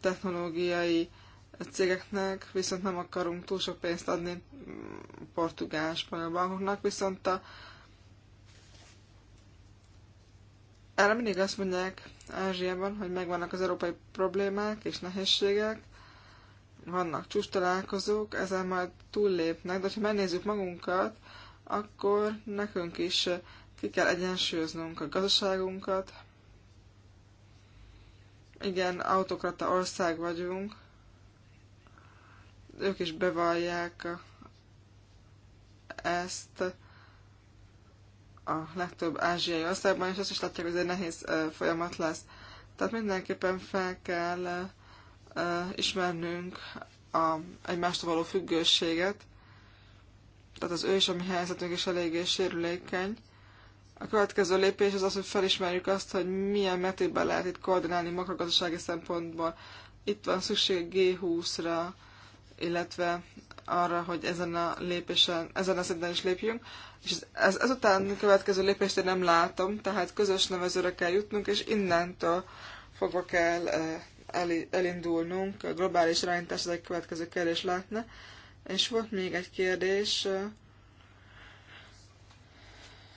technológiai cégeknek, viszont nem akarunk túl sok pénzt adni portugál spanyol bankoknak, viszont a erre mindig azt mondják Ázsiában, hogy megvannak az európai problémák és nehézségek, vannak csúcs találkozók, ezen majd túllépnek, de ha megnézzük magunkat, akkor nekünk is ki kell egyensúlyoznunk a gazdaságunkat. Igen, autokrata ország vagyunk, ők is bevallják ezt, a legtöbb ázsiai országban, és azt is látják, hogy ez egy nehéz folyamat lesz. Tehát mindenképpen fel kell ismernünk a egymástól való függőséget, tehát az ő és a mi helyzetünk is eléggé sérülékeny. A következő lépés az az, hogy felismerjük azt, hogy milyen metében lehet itt koordinálni makrogazdasági szempontból. Itt van szükség G20-ra, illetve arra, hogy ezen a lépésen, ezen a szinten is lépjünk, és ez, ezután következő lépést én nem látom, tehát közös nevezőre kell jutnunk, és innentől fogva kell eh, el, elindulnunk, a globális irányítás az egy következő kérdés látna. És volt még egy kérdés, eh,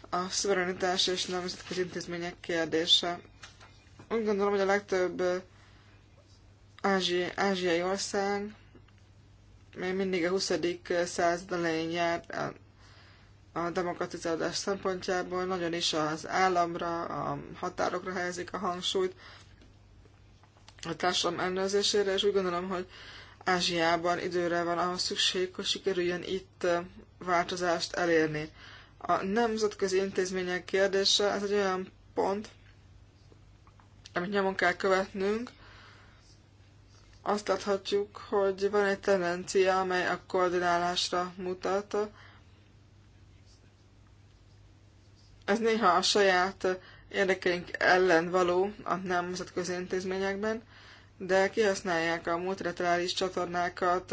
a szuverenitás és nemzetközi intézmények kérdése. Úgy gondolom, hogy a legtöbb eh, ázsiai, ázsiai ország még mindig a 20. század elején jár a, a demokratizálás szempontjából, nagyon is az államra, a határokra helyezik a hangsúlyt, a társadalom ellenőrzésére, és úgy gondolom, hogy Ázsiában időre van ahhoz szükség, hogy sikerüljön itt változást elérni. A nemzetközi intézmények kérdése, ez egy olyan pont, amit nyomon kell követnünk, azt adhatjuk, hogy van egy tendencia, amely a koordinálásra mutat. Ez néha a saját érdekeink ellen való a nemzetközi intézményekben, de kihasználják a multilaterális csatornákat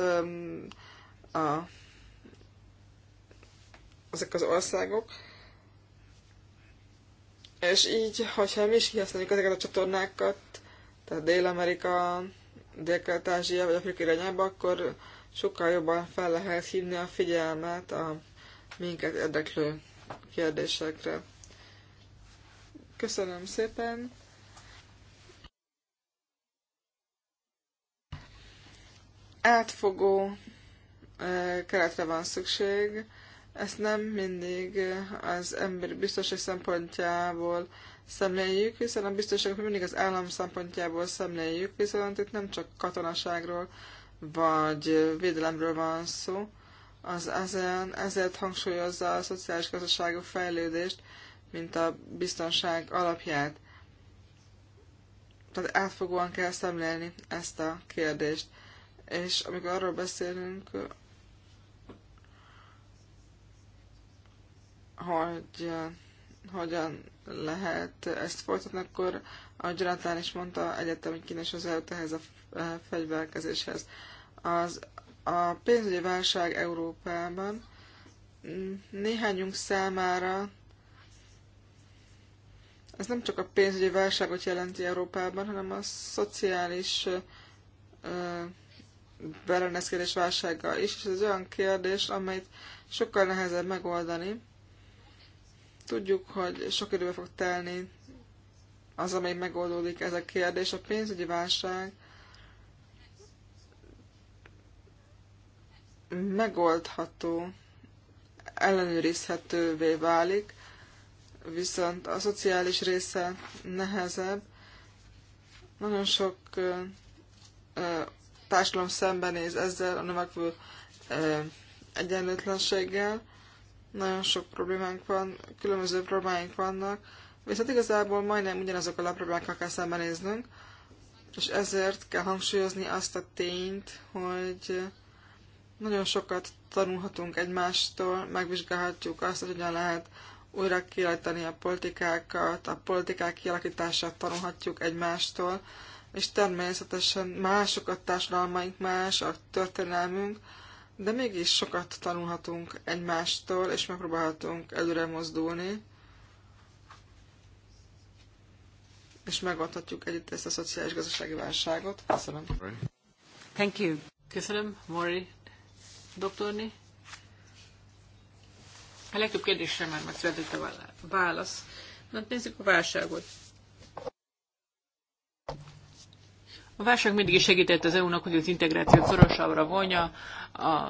a, ezek az országok, és így, hogyha mi is kihasználjuk ezeket a csatornákat, tehát Dél-Amerika, Dél-Kelet-Ázsia vagy Afrika irányába, akkor sokkal jobban fel lehet hívni a figyelmet a minket érdeklő kérdésekre. Köszönöm szépen! Átfogó eh, keretre van szükség. Ezt nem mindig az emberi biztonság szempontjából szemléljük, hiszen a biztonságot mindig az állam szempontjából szemléljük, viszont itt nem csak katonaságról vagy védelemről van szó, az ASEAN ezért hangsúlyozza a szociális gazdaságú fejlődést, mint a biztonság alapját. Tehát átfogóan kell szemlélni ezt a kérdést. És amikor arról beszélünk, hogy hogyan lehet ezt folytatni, akkor a Jonathan is mondta egyetem, hogy kínos az előtt ehhez a e, fegyverkezéshez. Az, a pénzügyi válság Európában néhányunk számára ez nem csak a pénzügyi válságot jelenti Európában, hanem a szociális berendezkedés válsága is, és ez olyan kérdés, amelyet sokkal nehezebb megoldani, Tudjuk, hogy sok időbe fog telni az, amely megoldódik ez a kérdés. A pénzügyi válság megoldható, ellenőrizhetővé válik, viszont a szociális része nehezebb. Nagyon sok ö, ö, társadalom szembenéz ezzel a növekvő egyenlőtlenséggel nagyon sok problémánk van, különböző problémáink vannak, viszont igazából majdnem ugyanazok a problémákkal kell szembenéznünk, és ezért kell hangsúlyozni azt a tényt, hogy nagyon sokat tanulhatunk egymástól, megvizsgálhatjuk azt, hogy hogyan lehet újra kialakítani a politikákat, a politikák kialakítását tanulhatjuk egymástól, és természetesen mások a társadalmaink, más a történelmünk, de mégis sokat tanulhatunk egymástól, és megpróbálhatunk előre mozdulni, és megoldhatjuk együtt ezt a szociális gazdasági válságot. Köszönöm. Thank you. Köszönöm, Mori doktorni. A legtöbb kérdésre már megszületett a válasz. Na, nézzük a válságot. A válság mindig is segített az EU-nak, hogy az integrációt szorosabbra vonja. A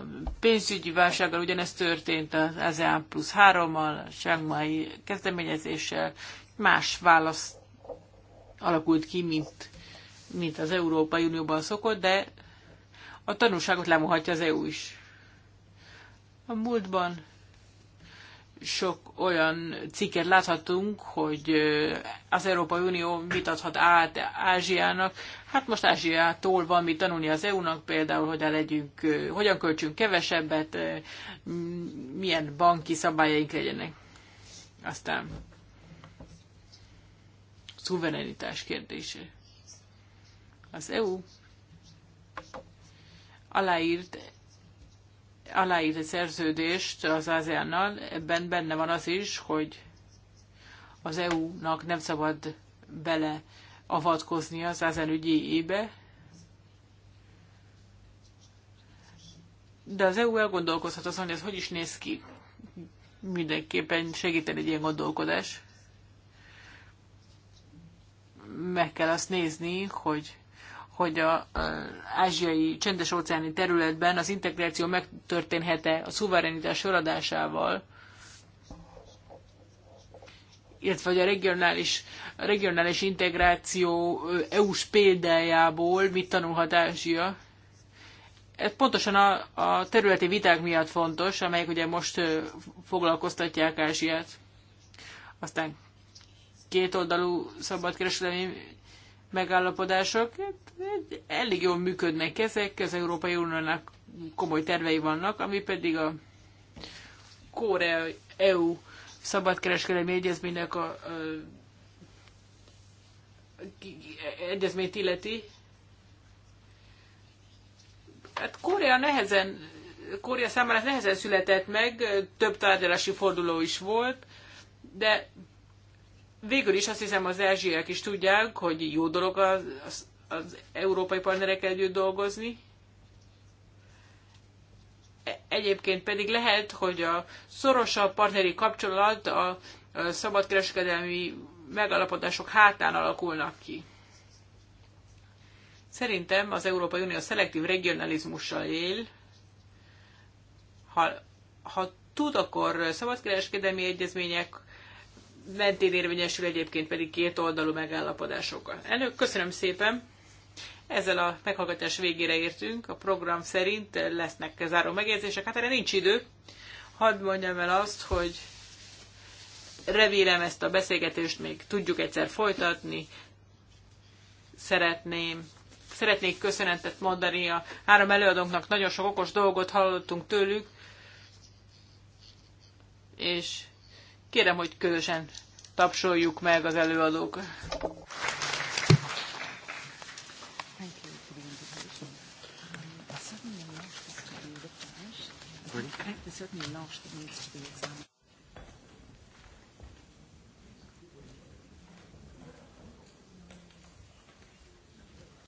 pénzügyi válsággal ugyanezt történt az ASEAN plusz hárommal a Sangmai kezdeményezéssel. Más válasz alakult ki, mint, mint az Európai Unióban szokott, de a tanulságot lemohatja az EU is. A múltban sok olyan cikket láthatunk, hogy az Európai Unió mit adhat át Ázsiának. Hát most Ázsiától van mit tanulni az EU-nak, például hogy legyünk, hogyan költsünk kevesebbet, milyen banki szabályaink legyenek. Aztán szuverenitás kérdése. Az EU aláírt aláírt egy szerződést az ASEAN-nal, ebben benne van az is, hogy az EU-nak nem szabad bele avatkozni az ezen ügyébe, de az EU elgondolkozhat azon, hogy ez hogy is néz ki. Mindenképpen segíteni egy ilyen gondolkodás. Meg kell azt nézni, hogy hogy a, ázsiai csendes óceáni területben az integráció megtörténhet-e a szuverenitás feladásával, illetve hogy a regionális, a regionális integráció EU-s példájából mit tanulhat Ázsia. Ez pontosan a, a területi viták miatt fontos, amelyek ugye most foglalkoztatják Ázsiát. Aztán kétoldalú szabadkereskedelmi megállapodások, hát, hát elég jól működnek ezek, az Európai Uniónak komoly tervei vannak, ami pedig a Korea EU szabadkereskedelmi egyezménynek a, a, a egyezményt illeti. Hát Korea nehezen, Korea számára nehezen született meg, több tárgyalási forduló is volt, de végül is azt hiszem az ázsiak is tudják, hogy jó dolog az, az, az európai partnerekkel együtt dolgozni, Egyébként pedig lehet, hogy a szorosabb partneri kapcsolat a szabadkereskedelmi megalapodások hátán alakulnak ki. Szerintem az Európai Unió szelektív regionalizmussal él. Ha, ha tud, akkor szabadkereskedelmi egyezmények mentén érvényesül egyébként pedig két oldalú megállapodásokkal. Elnök, köszönöm szépen! Ezzel a meghallgatás végére értünk. A program szerint lesznek záró megjegyzések. Hát erre nincs idő. Hadd mondjam el azt, hogy remélem ezt a beszélgetést még tudjuk egyszer folytatni. Szeretném szeretnék köszönetet mondani a három előadónknak, nagyon sok okos dolgot hallottunk tőlük, és kérem, hogy közösen tapsoljuk meg az előadókat. Right, there's certainly a lot that needs to be examined.